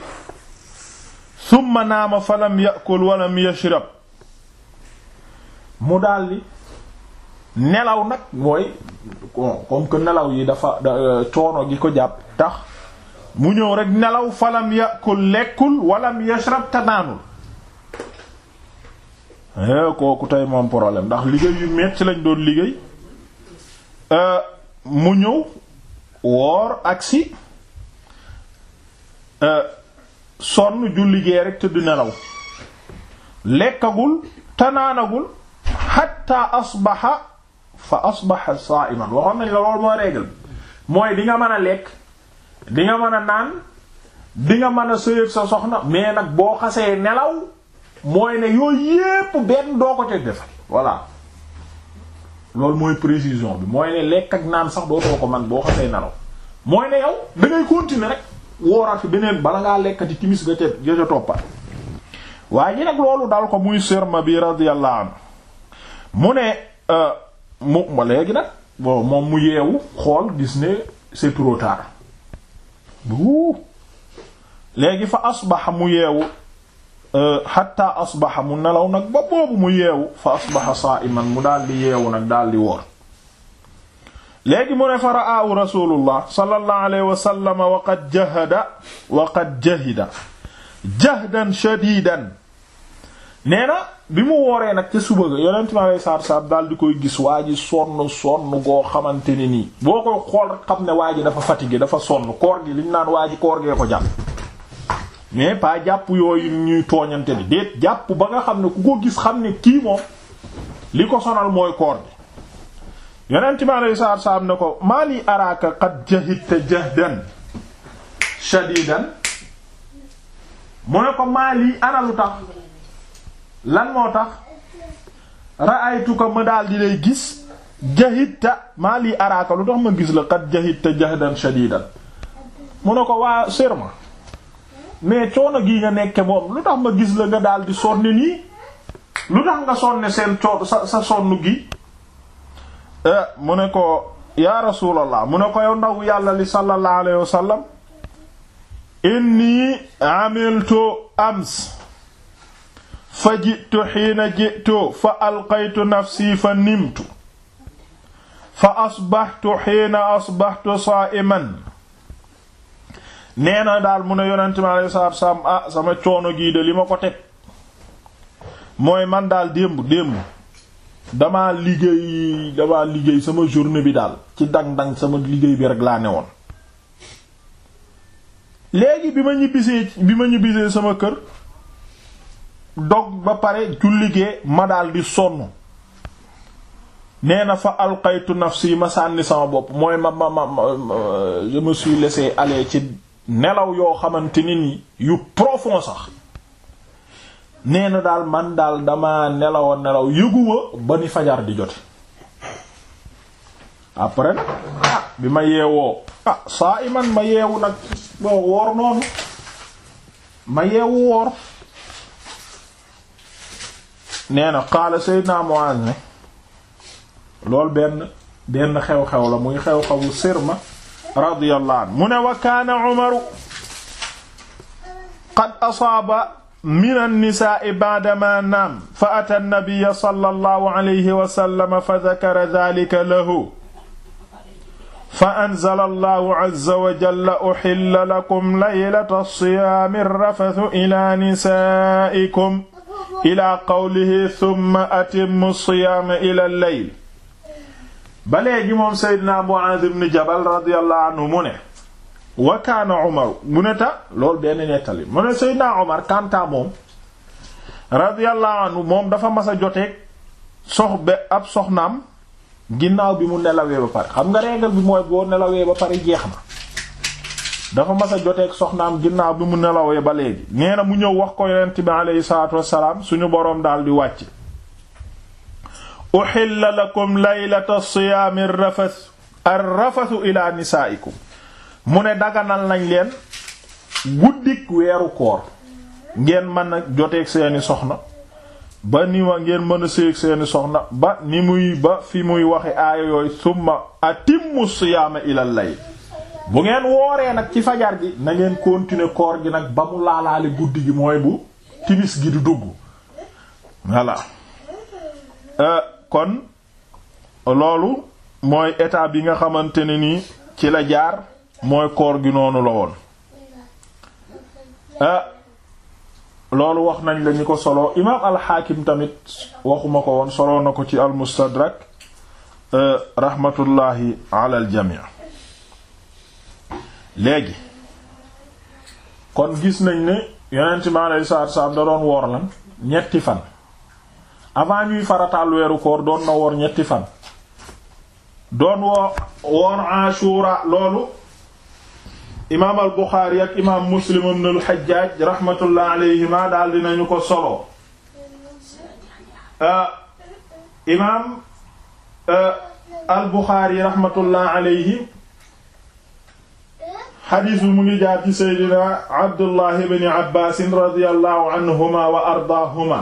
summa naama fa lam yakul wa lam yashrab mu daldi nelaw nag mooy comme que nelaw yi dafa toono euh, gi ko jàpp tax mu ñëw rek nelaw falam yakul lekkul walam yashrab te naanul eh, kooku tey moom problème ndax liggéey yu ci lañ doon liggéey euh, mu ñëw woor agsi euh, sonn julli gee rek te du nelaw lekkagul te xatta asbaxa fa asbaxa saa'iman waxoon nañ la loolu mooy règle mooy di nga mën a lekk di nga mën a naan di nga mën a sëyeeg sa soxna mais nag boo xasee nelaw mooy ne yooyu yépp doo ko def voilà loolu mooy précision bi mooy ne naan sax doo man boo xasee nelaw mooy yow da ngay continuer rek wooraat fi beneen bala ngaa lekkati timis ga ca ga ca toppat waaye ji nag loolu dal ko muy serma bi radiyallahu anhu mu ne euh, mu ma léegi nag moom mu yeewu xool gis ne c'est trop tard léegi fa asbaxa mu yeewu xatta euh, asbaxa mu nelaw nag ba boobu mu yeewu fa asbaxa saa'iman mu daldi yeewu nag daldi woor léegi mu ne fa ra'aahu rasulullah sallallahu alayhi wa sallam wa qad jahada wa qad jahida jahdan shadidan nee na bi mu wooree nag ca suba ga yonent mi daal di koy gis waa ji sonn sonn goo xamante ne nii boo koy xool rek xam ne waa ji dafa fatigué dafa sonn koor gi li ñu naan waa ji koor gee ko jàpp mais paa jàpp yooyu ñuy tooñante ni déet jàpp ba nga xam ne ku ko gis xam ne kii moom li ko sonal mooy koor gi yonent mi alayhi salaatu salaam ne ko maa li araaka qad jahidta jahdan shadidan mu ne ko maa lii analu tax lan moo tax ko ma daal di lay gis jahidta maa lii araaka lu tax ma gis la qad jahidta jahdan shadidan mu ne ko waa serma mais coono gii nga nekke moom lu tax ma gis la nga daal di sonne nii lu tax nga sonne seen coono sa sonn gi eh, mu ne ko yaa rasulallah mu ne ko yow ndaw yàlla li sallallahu alayhi wasallam inni amiltu ams fa jitu xiina jitu fa alqaytu nafsi fa nimtu fa asbaxtu xiina asbaxtu saa'iman nee na daal mu ne yonente mi alayhi salaatu wasalaam ah sama coono gii de li ma ko teg mooy man daal démb démb damaa liggéey damaa liggéey sama journée bi daal ci dang-dang sama liggéey bi rek laa ne woon léegi bi ma ñibbisee bi ma ñibbisee sama kër dog ba pare julligee ma daal di sonn nee na fa alqaytu nafsi ma sànni sama bopp mooy ma ma ma je me suis laissé aller ci nelaw yoo xamante ne ni yu profond sax nee na daal man daal dama nelaw nelaw yëguwa ba ni fajar di jote après nag ah, bi ma yeewoo ah saa iman ma yeewu nag boo woor noonu ma yeewu woor nee na qaala Seydina Muaz ne loolu benn benn xew-xew la muy xew-xewu Sirma radiyallahu anhu mu ne wa kaana Umaru qad asaaba min an-nisaa'i ba'dama naam fa ata an-nabiyya sallallahu alayhi wa sallam fa dhakara dhalika lahu fa anzala allahu azza wa jalla uhilla lakum laylata as-siyaami ar-rafathu ilaa nisaa'ikum ila qawlihi thumma atimmu siyaama ila layl ba léegi moom seydina Muaaz ibn Jabal radiyallahu anhu mu ne wa kaana Umar mu ne benn nettali mu ne seydina Umar kantaa moom radiyallahu anhu moom dafa mas a joteeg sox be ab soxnaam ginnaaw bi mu nelawee ba pare xam nga régal bi mooy boo nelawee ba pare jeex na dafa mas a joteeg soxnaam ginnaaw bi mu nelawee ba léegi nee na mu ñëw wax ko yonent bi aleyhi salaatu wassalaam suñu boroom daal di wàcc uhilla lakum laylata siyaami rafas ar rafasu ila nisaikum mu ne daganal nañ leen guddik weeru koor ngeen mën a joteeg seeni soxna ba ni ngeen mën a séeg seeni soxna ba ni muy ba fi muy waxe aaya yooyu summa atimmu siyaama ilal layl bu ngeen wooree nag ci fajar gi nangeen ngeen continuer koor gi nag ba mu laalaale guddi gi mooy bu timis gi di dugg voilà euh, kon loolu mooy état bi nga xamante ne ni ci la jaar mooy koor gi noonu la woon euh, loolu wax nañ lañu ko solo imaam alxaakim tamit waxuma ko woon solo na ko ci almustadrak euh, rahmatullahi ala aljami léegi kon gis nañ ne yonent mi alayhi salaatu salaam da doon woor lan ñetti fan avant ñuy farataal weeru koor doon na woor ñetti fan doon woo woor Ashura loolu imaam al Buxaari ak imaam Muslim ibn al Hajjaj rahmatullah alayhima daal dinañu ko solo euh, imaam euh, al Buxaari rahmatullah alayhi xadiis bi mu ngi jaar ci seydina abdullah ibn abbaas radiyallahu anhuma wa ardaahuma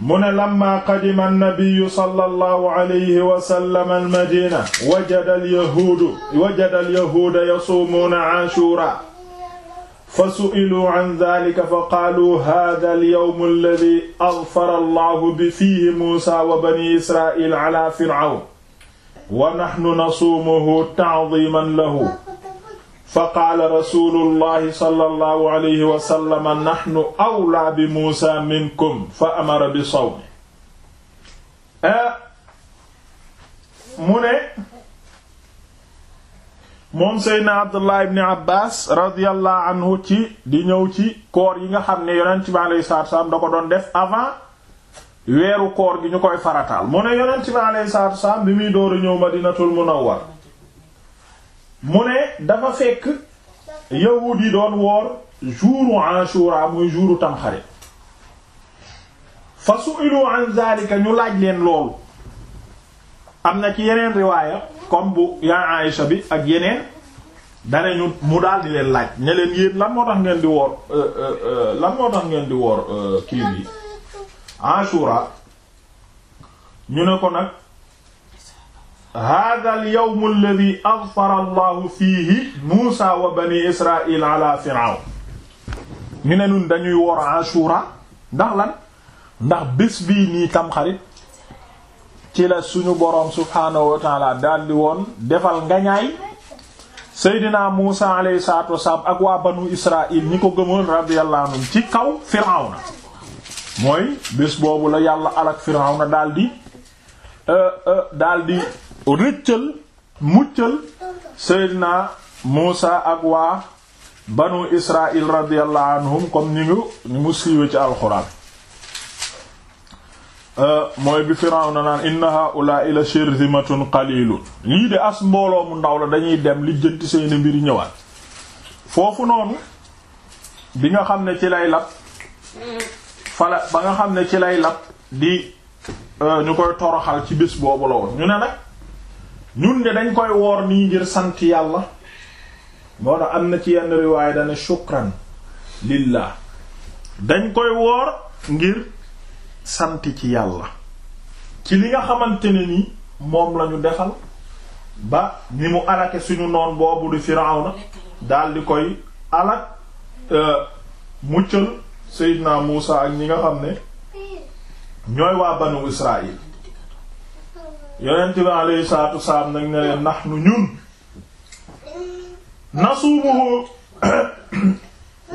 mu ne lamma qadima annabiyu sallallahu alayhi wa sallam almadina wajada alyahuudu wajada alyahuuda yasuumuuna aashuuraa fa su'iluu an daalika fa qaaluu haadha alyawmu alladii adfara allahu bi fiihi muusaa wa banii israa'iil alaa fir'awn wa nahnu nasuumuhu ta'diiman lahu fa qaala rasulullahi sallallahu alayhi wa sallam nahnu awlaa bi Muusaa minkum fa amara bi sawmi mu ne moom seydna Abdullah ibni Abbas radiyallahu anhu ci di ñëw ci koor yi nga xam ne yonent bi alayhi salaatu salaam da ko doon def avant weeru koor gi ñu koy farataal mu ne yonent bi alayhi salaatu salaam bi muy dooru ñëw Madinatul Munawwar mu ne dafa fekk yahuud yi doon woor jouru Ashura muy jouru tamxarit fa su'ilu an zalika ñu laaj leen loolu am na ci yeneen riwaaya comme bu yaa Aïcha bi ak yeneen dane mu daldi leen laaj ne leen yéen lan moo tax ngeen di woor euh, euh, euh, lan moo tax ngeen di woor kii bi Ashura ñu ne ko nag hada alyowm alladi adfara allahu fiihi muusa wa bani israil ala firawn ñu ne ñun dañuy wor ashura ndax lan ndax bés bii nii tamxarit ci la suñu boroom subhaanahu wa taala daldi woon defal ngañaay seydina muusa alayhi salaatu wasalaam ak waa banu israil ñi ko gëmoon radiyallahu anhum ci kaw firawna mooy bés boobu la yàlla alak firawna daldi euh, euh, rëccal muccal Seydina Muusa ak waa banu Israil radiyallahu anhum comme ni ngu mu siiwe ci alxuraan euh, mooy bi Firawna naan inna haa'ulaa'i la shirzimatun qaliilun lii de as mbooloo mu ndaw la dañuy dem li jënti seeni mbir ñëwaat foofu noonu bi nga xam ne ci lay lab fala ba nga xam ne ci lay lab di euh, ñu koy toroxal ci bés boobu la woon ñu ne nag ñun de dañ koy woor nii ngir sant yàlla moo tax am na ci yenn riwaay dana shukran lillah dañ koy woor ngir sant ci yàlla ci li nga xamante ni moom la ñu defal ba ni mu alake suñu noon boobu di Firawna daldi koy alak euh, muccal Seydina Muusa ak ñi nga xam ne ñooy waa banu Israël yonent bi alayhi salaatu wasalaam nag ne leen nax nu ñun nasuumuhu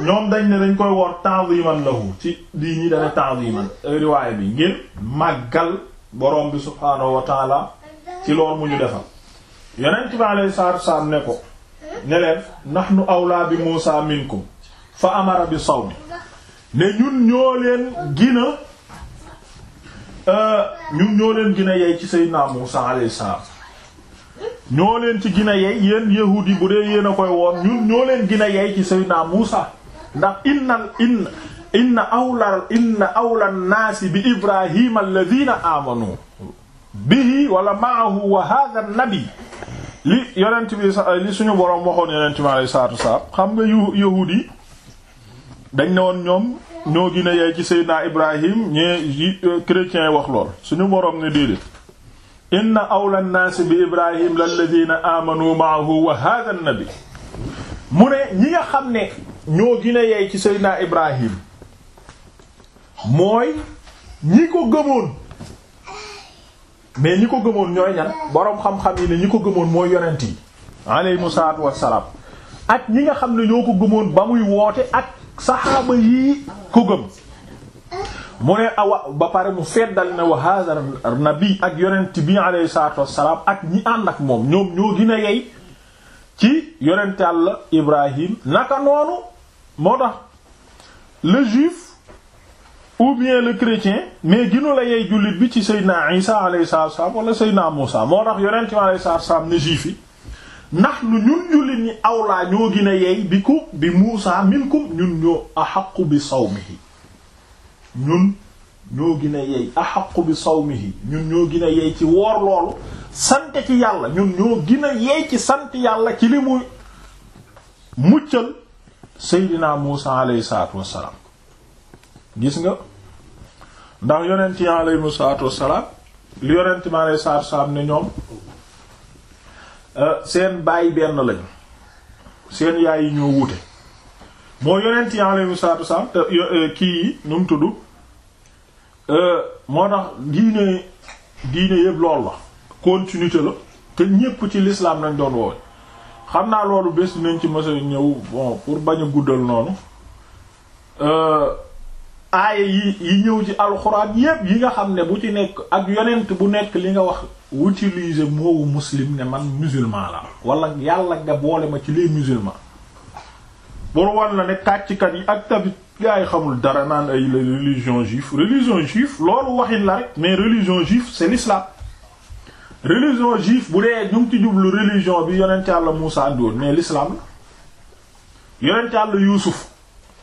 ñoom dañ ne dañ koy wor ta'ziman lahu ci lii ñi dana ta'ziman riwaaya bi ngir màggal boroom bi subhaanahu wa ci lool mu ñu defal yonent bi alayhi salaatu ne ko ne leen nahnu awlaa bi Muusaa minkum fa amara bi sawmi ne ñun ñoo leen gina Euh, ñun ñoo leen gën yey ci Seydina Muusa alayhi salaam ñoo leen ci gina a yey yéen yahuud yi bu dee yéen koy woon ñun ñoo leen gën yey ci Seydina Muusa ndax innal inn inna awla inna awla naasi bi ibrahima alladina amanu bihi wala maahu wa hadha nabi li yonent bi li suñu borom waxoon yonent bi alayhi salaatu xam nga yahuud yi dañ ne woon ñoom ñoo gën a ci seydinaa ibrahim ñee euh, chrétiens wax lool suñu boroom ne déedéet inna awla nnaasi bi ibrahim lalladina amanu maahu wa hadha nabi mu ne ñi nga xam ne ñoo gën a yey ci seydinaa ibrahim mooy ñi ko gëmoon mais ñi ko gëmoon ñooy ñan boroom xam yi ne ñi ko gëmoon mooy yonent yi ak ñi nga xam ne ñoo ko gëmoon ba muy woote ak saxaaba yii ku gëm mu awa ba pare mu feddal ne wa hadha nabi ak yonent bi alayhi salaatu ak ñi ànd ak moom ñoom ñoo gën a yey ci yonent Yàlla Ibrahim naka noonu moo tax le juif ou bien le chrétien mais ginu la yey jullit bi ci Seydina Isa alayhi salaatu wassalaam wala Seydina Muusa moo tax yonent bi alayhi salaatu wassalaam ne juif yi ndax nu ñun jullit ñi awlaa ñoo gën yeey bi ku bi muusa minkum ñun ñoo axaqu bi sawmihi ñun ñoo gën yeey bi sawmihi ñun ñoo gën a ci woor loolu sant ci yàlla ñun ñoo gën a yeey ci sant yàlla ci li muy muccal seydinaa muusa alayhi salaatu wassalaam gis nga ndax yonent yi alayhi salaatu wassalaam li yonent mi alayhi salaatu wassalaam ne ñoom Euh, seen baay benn lañu seen yaay yi ñoo wuute moo yonent yi alayhi salaatu wasalaam te euh, kii yi nu mu tudd euh, moo tax diine diine yëpp lool la continuité la te ñépp ci lislaam nañ doon woowe xam naa loolu bés nañ ci mësa ñëw bon pour bañ a guddal noonu aaya yi yi ñëw ci alxuraan yépp yi nga xam ne bu ci nekk ak yonent bu nekk li nga wax utiliser moowu muslim ne man musulman la wala yàlla nga boole ma ci les musulmans pour wan la ne kàcckat yi ak tamit gaa yi xamul dara naan ay la religion juif religion juif loolu waxin la rek mais religion juif c'est l'islam religion juif bu dee ñu ngi ci jublu religion bi yonent yàlla Muusa àndiwoon mais l'islam la yonent yàlla Yuusuf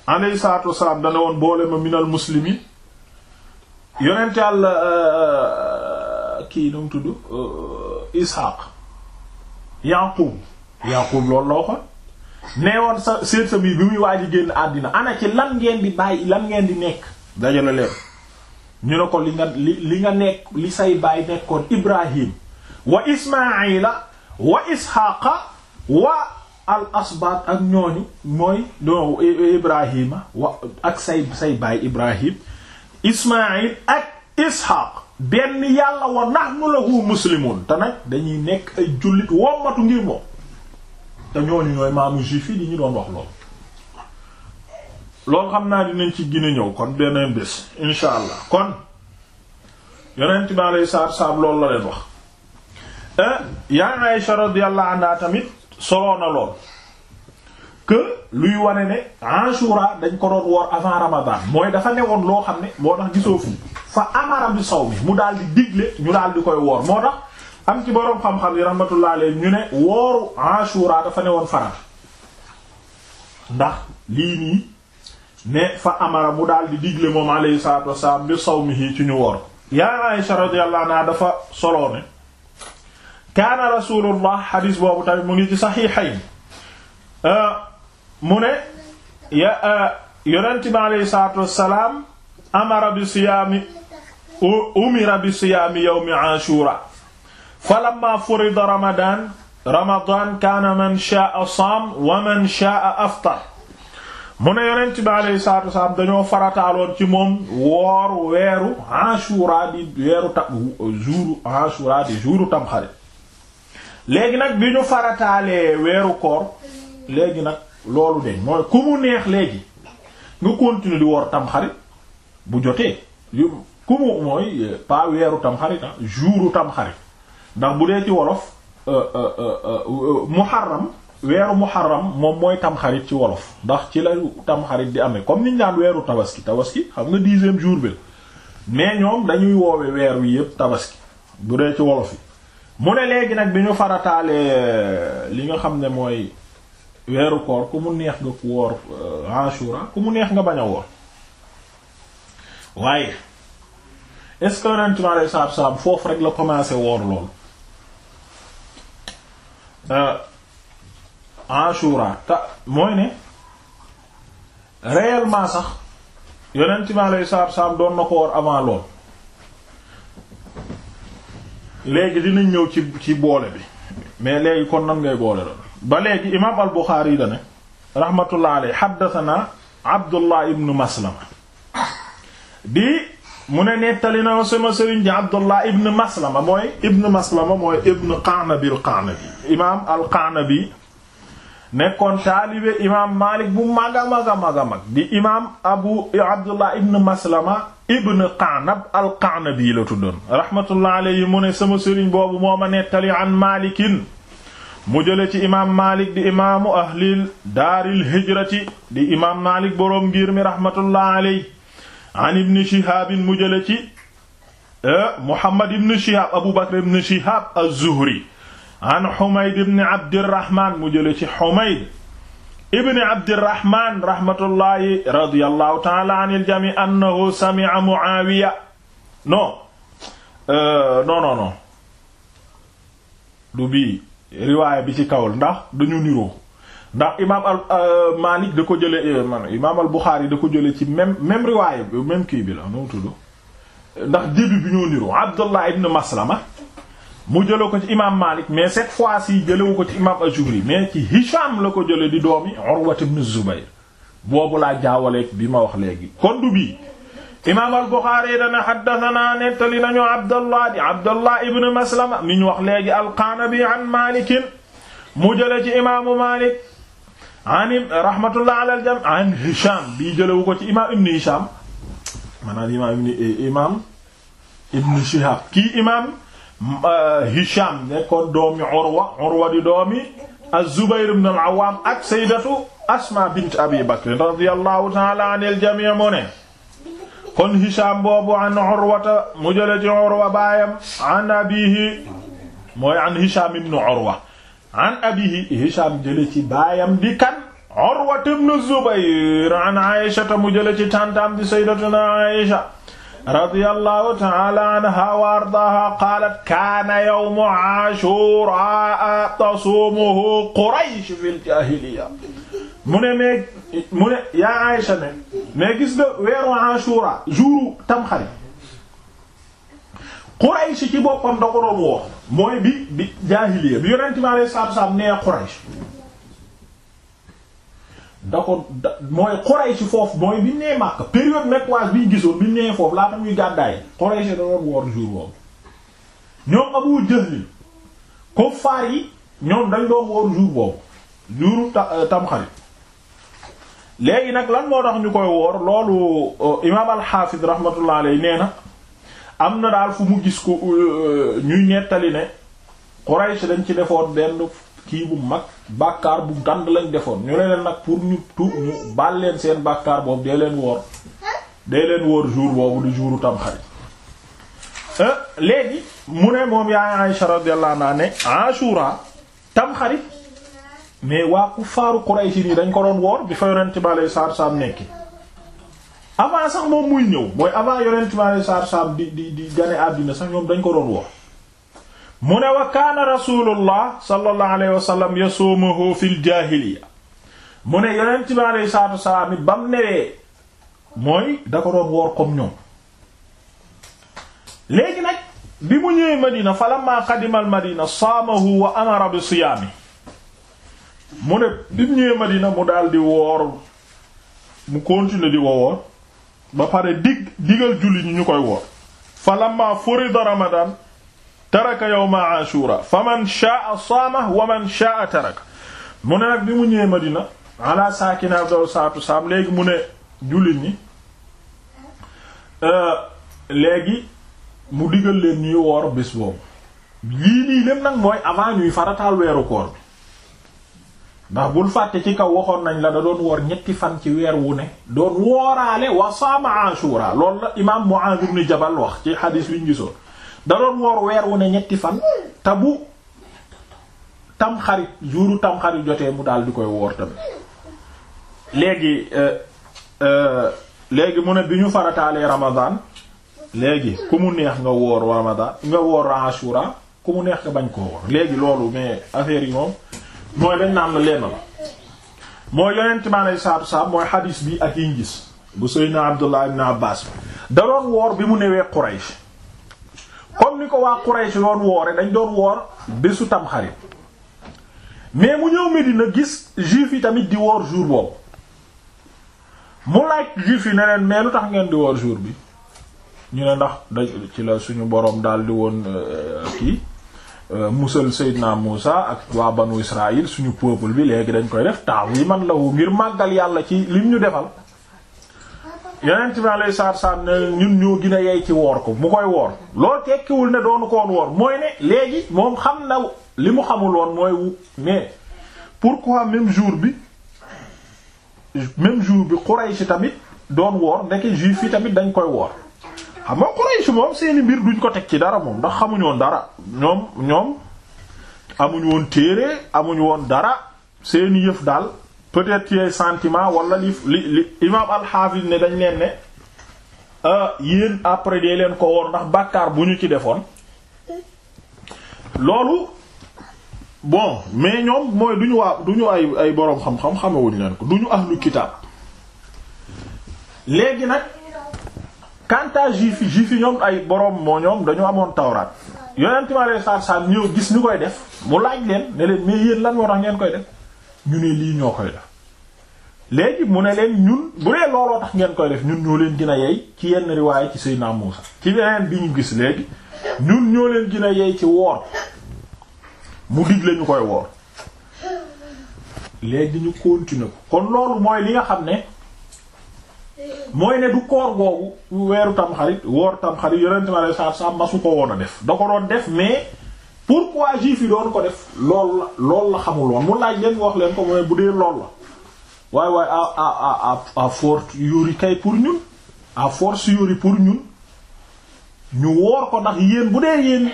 alayhi salaatu wasalaam dana woon boole ma minal muslimin yonent yàlla euh, euh, kii nu mu tudd euh, Isxaaq Yaaqub Yaaqub loolu la nee woon sa seet sa bi bi muy waaj a génn àddina ana ci lan ngeen di bàyyi lan ngeen di nekk dajale leen ñu ne ko li nga li li nga nekk li say baay nekkoon Ibrahim wa Ismaayila wa Isxaaqa wa al asbaat ak ñooñu mooy do ibrahima wa ak say say baay ibrahim ismail ak ishaq benn yàlla wa nahnu lahu muslimun te nag dañuy nekk ay jullit wommatu ngir moom te ñooñu ñooy maamu juif yi ñu doon wax loolu loolu xam naa dinañ ci gën ñëw kon beneen bés insha allah kon yonent bi alei saatu salaam loolu la leen wax eh, yaa Aisha radiyallahu anha tamit soloo na lool que luy wane ne Ashura dañ ko doon woor avant Ramadan mooy dafa newoon loo xam ne moo tax gisoo fu fa amara bi saw mi mu daal di digle ñu daal di koy woor moo tax am ci boroom xam-xam yi rahmatullah alayhi ñu ne wooru Ashura dafa newoon farat ndax lii nii ne fa amara mu daal di digle moom alayhi salatu wassalam mi sawmihi ci ñu woor yaa Aisha radiyallahu anha dafa soloo ne kaana rasulullah xadis boobu tamit mu ngi ci saxiixayn euh, mu ne ya euh, yonent bi aleyhi salaatu wassalaam amara bi siyaami umira bi siyaami yawmi ashura falamma furida ramadan ramadan kaana man shaa saam wa man shaa aftar mu ne yonent bi aleyhi salaatu wassalaam dañoo farataaloon ci moom woor weeru ashura di weeru tam jour ashura di jouru tamxarit léegi nag bi ñu farataalee weeru koor léegi nag loolu de mooy ku mu neex léegi nga continuer di woor tamxarit bu jotee yu ku mu mooy euh, pas weeru tamxarit ah jouru tamxarit ndax bu dee ci wolof euh, euh, muharram weeru muharram moom mooy tamxarit ci wolof ndax ci la tamxarit di amee comme niñ naan weeru tabaski tabaski xam nga dixième jour bi mais ñoom dañuy woowe weer wi yépp tabaski bu dee ci wolof yi mu ne léegi nag bi ñu farataalee euh, li nga xam ne mooy weeru koor ku mu neex nga ku woor euh, ashura ku mu neex nga bañ woor waaye est-ce que yonentu Yàlla saab saab foofu rek la commencé woor loolu euh, ashura ta mooy ne réellement sax yonentu Yàlla saab saab doon na ko woor avant lool léegi dina ñëw ci ci boole bi mais léegi kon nan ngay boole doon ba léegi imaam al Buxaari yi rahmatullah aley xaddathana abdullah ibnu maslama di mu ne nettali na sama sëriñ ji abdullah ibnu maslama mooy ibnu maslama mooy ibnu Qanabi al Qanabi imaam al Qanabi nekkoon taalibe imaam Maalik bu mag a mag imaam abu abdullah ibnu maslama ibn Qanab al-Qanabi la tuddoon rahmatullah alayhi mu ne sama sëriñ boobu moo ma nettali an maalikin mu jële ci imaam Maalik di imaamu ahlil daaril hijrati di imaam Maalik boroom ngir mi rahmatullah alayhi an ibn Shihaab mu jële ci eh, Muhammad ibn Shihaab Abu Bakr ibn Shihaab az-Zuhri an Humayd ibn Abdirrahmaan mu jële ci Humayd ibni abdirahman rahmatullahi radiallahu taala an iljami annahu sami'a muawiya non euh, non non non du bii riwaaya bi ci kawul ndax dañu niroo ndax imaam al euh, Maalik da ko jële euh, man imaam al Buxaari da ko jële ci même riwaaya bi même kii bi la noonu tudd ndax début bi ñoo niroo Abdullah ibn Maslama mu jële ko ci imam Malik mais cette fois-ci jëlewu ko ci imam Ajouri mais ci Hisham la ko jële di doomi Urwat ibn Zubayr boobu laa jaawaleeg bi ma wax léegi kondu bi imam al-Bukhari dana haddathana nettali nañu Abdallah di Abdallah ibn Maslama mi ñu wax léegi al-Qanabi an Malikin mu jële ci imaamu Malik an rahmatullah ko ci imam ibn Hisham eh, ibn Shihab kii imam Euh, Hisham nekkoon doomi Urwa Urwa di doomi az-Zubayr ibn al-Awwam ak sayyidatu Asma bint Abi Bakr radiyallahu ta'ala anil jami' mu ne kon Hisham boobu an Urwata mu jële ci Urwa baayam an abihi mooy an Hisham ibn Urwa an abihi Hisham jële ci baayam di kan Urwa ibn Zubayr an Aisha mu jële ci tantam di sayyidatuna Aisha radiyallahu ta'ala anha wa ardaaha qaalat kaana yawmu ashura tasuumuhu quraysh fil jaahiliya mu ne mais mu ne yaa Aïcha ne mais gis nga weeru ashura jour tamxarit quraysh ci boppam da ko doon woo mooy bi bi jaahiliya bi yonent mi alayhi salaatu wa salaam nee quraysh da ko da mooy Quraysh foofu mooy bi nee Makka période mecquoise bi ñu gisoon bi ñu nee foofu laata muy gàddaay Quraysh da doon woor jour boobu dañ doon woor jour boobu jour euh, léegi nag lan moo tax ñu koy woor loolu euh, imaam al-Hafiz rahmatullah nee na am na daal fu mu gis ko euh, ñuy nettali ne Quraysh dañ ci defoon benn kii bu mag bàkkaar bu gànd lañ defoon ñu ne leen nag pour ñu tu ñu baal leen seen bàkkaar boobu dee leen woor dee leen woor jour boobu di jouru tamxarit euh, léegi mu ne moom yaay Aïsha radiyallahu anha ne Ashura tamxarit mais waa ku faaru Quraysh yi dañ ko doon woor bi fa yonent bi alayhi salaatu salaam nekki avant sax moom muy ñëw mooy avant yonent bi alayhi salaatu di di di gane àddina sax ñoom dañ ko doon woor mu ne wa kaana rasulullah sallallahu alayhi wa sallam fil jaahiliya mu ne yonent bi alayhi salaatu wasalaam ba mu mooy da ko doon woor comme ñoom léegi nag bi mu ñëwee madina fa lamma qadima al madina saamahu wa amara bi siyaami mu ne bi mu ñëwee madina mu daal di woor mu continuer di woor ba pare dig digal julli ñu ñu koy woor fa lamma furida taraka yawma ashura fa man sha'a saama wa man sha'a taraka mu ne nag bi mu ñëwee Madina ala saakina afdalu salaatu wassalaam léegi mu ne jullit ñi euh, léegi mu digal leen ñuy woor bés boobu lii nii lépp nag mooy avant ñuy farataal weeru koor bi ndax bul fàtte ci kaw waxoon nañ la da doon woor ñetti fan ci weer wu ne doon wooraale wa saama ashura loolu la imaam Mu'aaz ibn Jabal wax ci xadiis wi ñu gisoon da woor weer wu ne ñetti fan te bu tamxarit juru tamxarit jotee mu daal di koy woor tamit léegi euh, euh, léegi mu ne bi ñu farataalee ramadan léegi ku mu neex nga woor ramadan nga woor ashura ku mu neex nga bañ koo woor léegi loolu mais affaire yi moom mooy dañ naan la lenn la mooy yonent maa saatu saab mooy xadiis bi ak yiñ gis bu Seydina Abdullah ibn Abbas da doon woor bi mu newee Quraysh comme ni ko waa Quraysh doon woore dañ doon woor bésu tamxarit mais mu ñëw Medina gis juif yi tamit di woor jour boobu mu laaj juif yi ne leen mais lu tax ngeen di woor jour bi ñu ne ndax da ci la suñu boroom daal di woon euh, kii euh, musal naa Muusa ak waa banu Israël suñu peuple bi léegi dañ koy def taaw yi man la wu ngir màggal yàlla ci lim ñu defal yeneen bi alayhi salaatu salaam ne ñun ñoo gën a yey ci woor ko mu koy woor loolu tekkiwul ne doonu koon woor mooy ne léegi moom xam na li mu xamul woon mooy wu mais pourquoi même jour bi même jour bi Quraysh tamit doon woor ndeke juif yi tamit dañ koy woor xam nga Quraysh moom seeni mbir duñ ko teg ci dara moom ndax xamuñu woon dara ñoom ñoom amuñu woon téere amuñu woon dara seeni yëf daal peut-être yooyu sentiment wala li li li imaam al-Hafiz ne dañ leen ne ah, yéen après dee leen ko woon ndax bàkkaar bu ñu ci defoon loolu bon mais ñoom mooy du ñu waa du ñu ay ay boroom xam-xam xamewuñ leen ko du ñu ahlu kitaab léegi nag kanta juif juif yi ñoom ay boroom moo ñoom dañu amoon tawraat yonent mi alayhi salaatu salaam ñëw gis ñu koy def mu laaj leen ne leen mais yéen lan moo tax ngeen koy def ñu ne lii ñoo koy def léegi mu ne leen ñun bu ne looloo tax ngeen koy def ñun ñoo leen gën yey ci yenn riwaay ci Seydina Muusa ci beneen bi ñu gis léegi ñun ñoo leen gën yey ci woor mu digle ñu koy woor léegi ñu continuer ko kon loolu mooy li nga xam ne mooy ne du koor googu weeru tamxarit woor tamxarit yonent ma lay saab saab ma ko woon a def da ko doon def mais pour pourquoi juif yi doon ko def loolu la lool la xamul woon mu laaj leen wax leen ko mooy bu dee loolu la waaye waaye à à à à force yori kay pour ñun à force yori pour ñun ñu woor ko ndax yéen bu dee yéen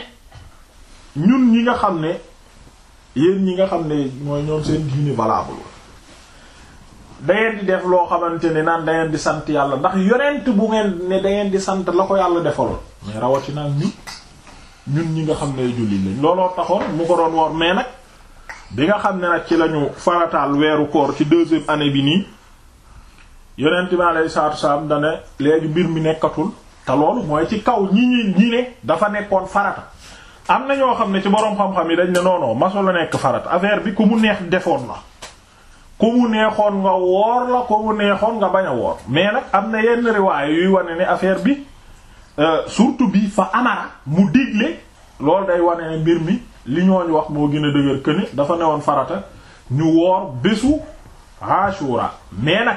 ñun ñi nga xam ne yéen ñi nga xam ne mooy ñoom seen diine valable da di def loo xamante ne naan da di sant yàlla ndax yonent bu ngeen ne da ngeen di sant la ko yàlla defaloon mais rawatina ñu. ñun ñi nga xam ne jullit lañ looloo taxoon mu ko doon woor mais nag bi nga xam ne nag ci lañu farataal weeru koor ci deuxième année bi nii yonent bi alayhi salaatu wasallam da léegi mbir mi nekkatul te mooy ci kaw ñi ñi ñi ne dafa nekkoon farata am na ñoo xam ne ci boroom xam-xam yi dañ ne noonoo non maso la nekk farat affaire bi ku mu neex defoon la ku mu neexoon nga woor la ku mu neexoon nga bañ woor mais nag am na yenn riwaay yuy wane ne affaire bi Euh, surtout bi fa amara mu digle loolu day wane ne mbir mi li ñooñ wax moo gën a dëgër këne dafa newoon farata ñu woor bésu ashura mais nag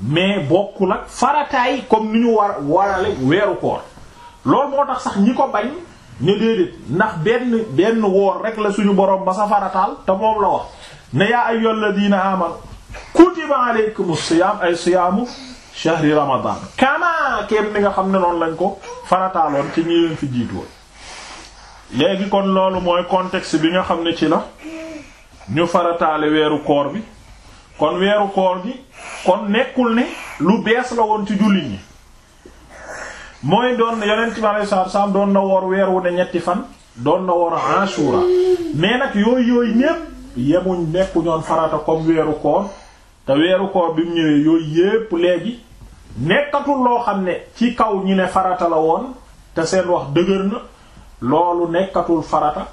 mais bokkul ak farataay comme ni ñu war warale weeru koor loolu moo tax sax ñi ko bañ ne déedéet ndax benn benn woor rek la suñu borom ba sa farataal te moom la wax ne yaa ayyuhalladhina amanu kutiba alaykumus siyam ay siyamu shahri ramadan kama kéem ni nga xam ne noonu lañ ko farataaloon ci ñi leen fi jiitoo léegi kon loolu mooy contexte bi nga xam ne ci la ñu farataale weeru koor bi kon weeru koor gi kon nekkul ne lu bees la woon ci jullit ñi mooy doon yonent bi alayhi salaatu salaam doon na woor weer wu ne ñetti fan doon na woor Ashura mais nag yooyu yooyu ñépp yemuñ nekku ñoon farata comme weeru koor te weeru koor bi mu ñëwee yooyu yépp léegi nekkatul loo xam ne ci kaw ñi ne farata la woon te seen wax dëgër na loolu nekkatul farata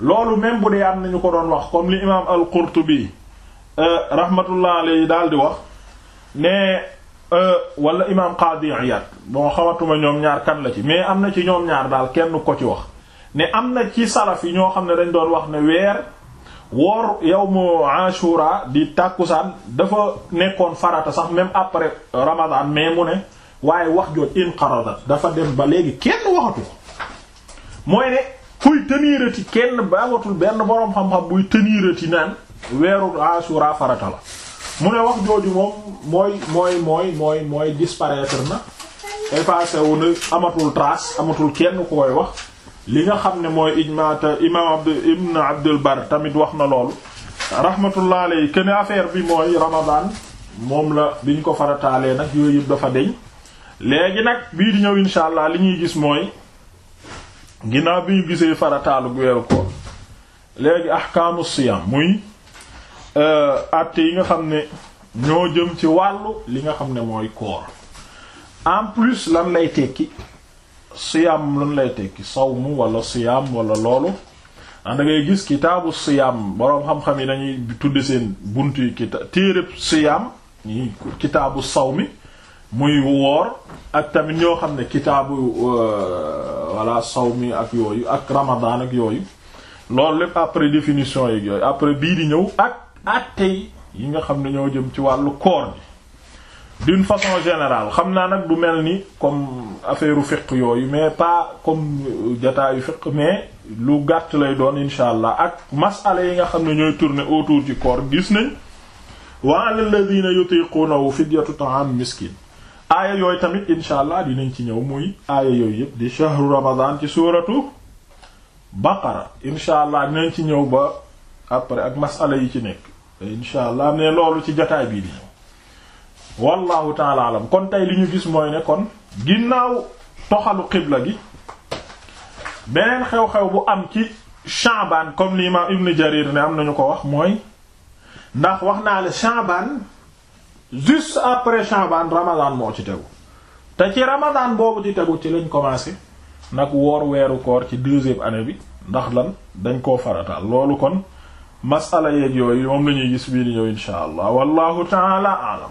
loolu même bu dee am nañu ko doon wax comme li imaam al-Qurtubi euh, rahmatullah alayhi daal di wax ne euh, walla imaam Qadi Iyad bon xamatuma ñoom ñaar kan la ci mais am na ci ñoom ñaar daal kenn ko ci wax ne am na ci salaf ñoo xam ne dañ doon wax ne weer woor yawmu ashura di tàkkusaan dafa nekkoon farata sax même après ramadan mais mu ne waaye wax jooj inqaradat dafa dem ba léegi kenn waxatu ko mooy ne kuy tëniirati kenn baawatul benn boroom xam-xam buy tëniirati naan weeru ashura farata la mu ne wax jooju moom mooy mooy mooy mooy mooy disparaître na effacé wu na amatul trace amatul kenn ku koy wax li nga xam ne mooy ijmaata imaam abd ibn abdul bar tamit wax na loolu rahmatullah alay kene affaire bi mooy ramadan moom la bi ñu ko farataalee nag yooyu yëpp dafa deñ léegi nag biir di ñëw insha allah li ñuy gis mooy ginnaaw bi ñu gisee farataalu weeru koor léegi ahkaamu siyam muy àtte euh, yi nga xam ne ñoo jëm ci wàllu li nga xam ne mooy koor en plus lan lay tekki siyaam lan lay tekki mu wala siyaam wala loolu da ngay gis kitaabu siyaam boroom xam-xam yi dañuy tudde seen bunt yi kita téereb siyaam ñi kitaabu sawmi muy woor ak tamit ñoo xam ne kitaabu euh, wala sawmi ak yooyu ak ramadan ak yooyu loolu lépp après définition yi yooyu après bii di ñëw ak àtte yi nga xam ne ñoo jëm ci wàllu koor bi d'une façon générale xam naa nag du mel ni comme affaire u yooyu mais pas comme euh, jataayu fiq mais lu gàtt lay doon insha allah ak masala yi nga xam ne ñooy tourner autour du corps gis nañ wa alal ladina yutiqunahu fidyatu ta'am miskin aaya yooyu tamit insha allah dinañ ci ñëw muy aaya yooyu yëpp di shahru ramadan ci suuratu baqara insha allah dinañ ci ñëw ba après ak masala yi ci nekk insha allah ne loolu ci jataay bii di wallahu taala alam kon tey li ñu gis mooy ne kon ginnaaw toxalu xibla gi beneen xew-xew bu am ci Sha'ban comme l'imam Ibn Jarir ne am nañu ko wax mooy ndax wax naa la Sha'ban juste après Sha'ban Ramadan moo ci tegu te ci Ramadan boobu ci tegu ci lañ commencé nag woor weeru koor ci deuxième année bi ndax lan dañ koo farataal loolu kon masala yeeg yooyu moom la ñuy gis bii di ñëw insha allah wallahu taala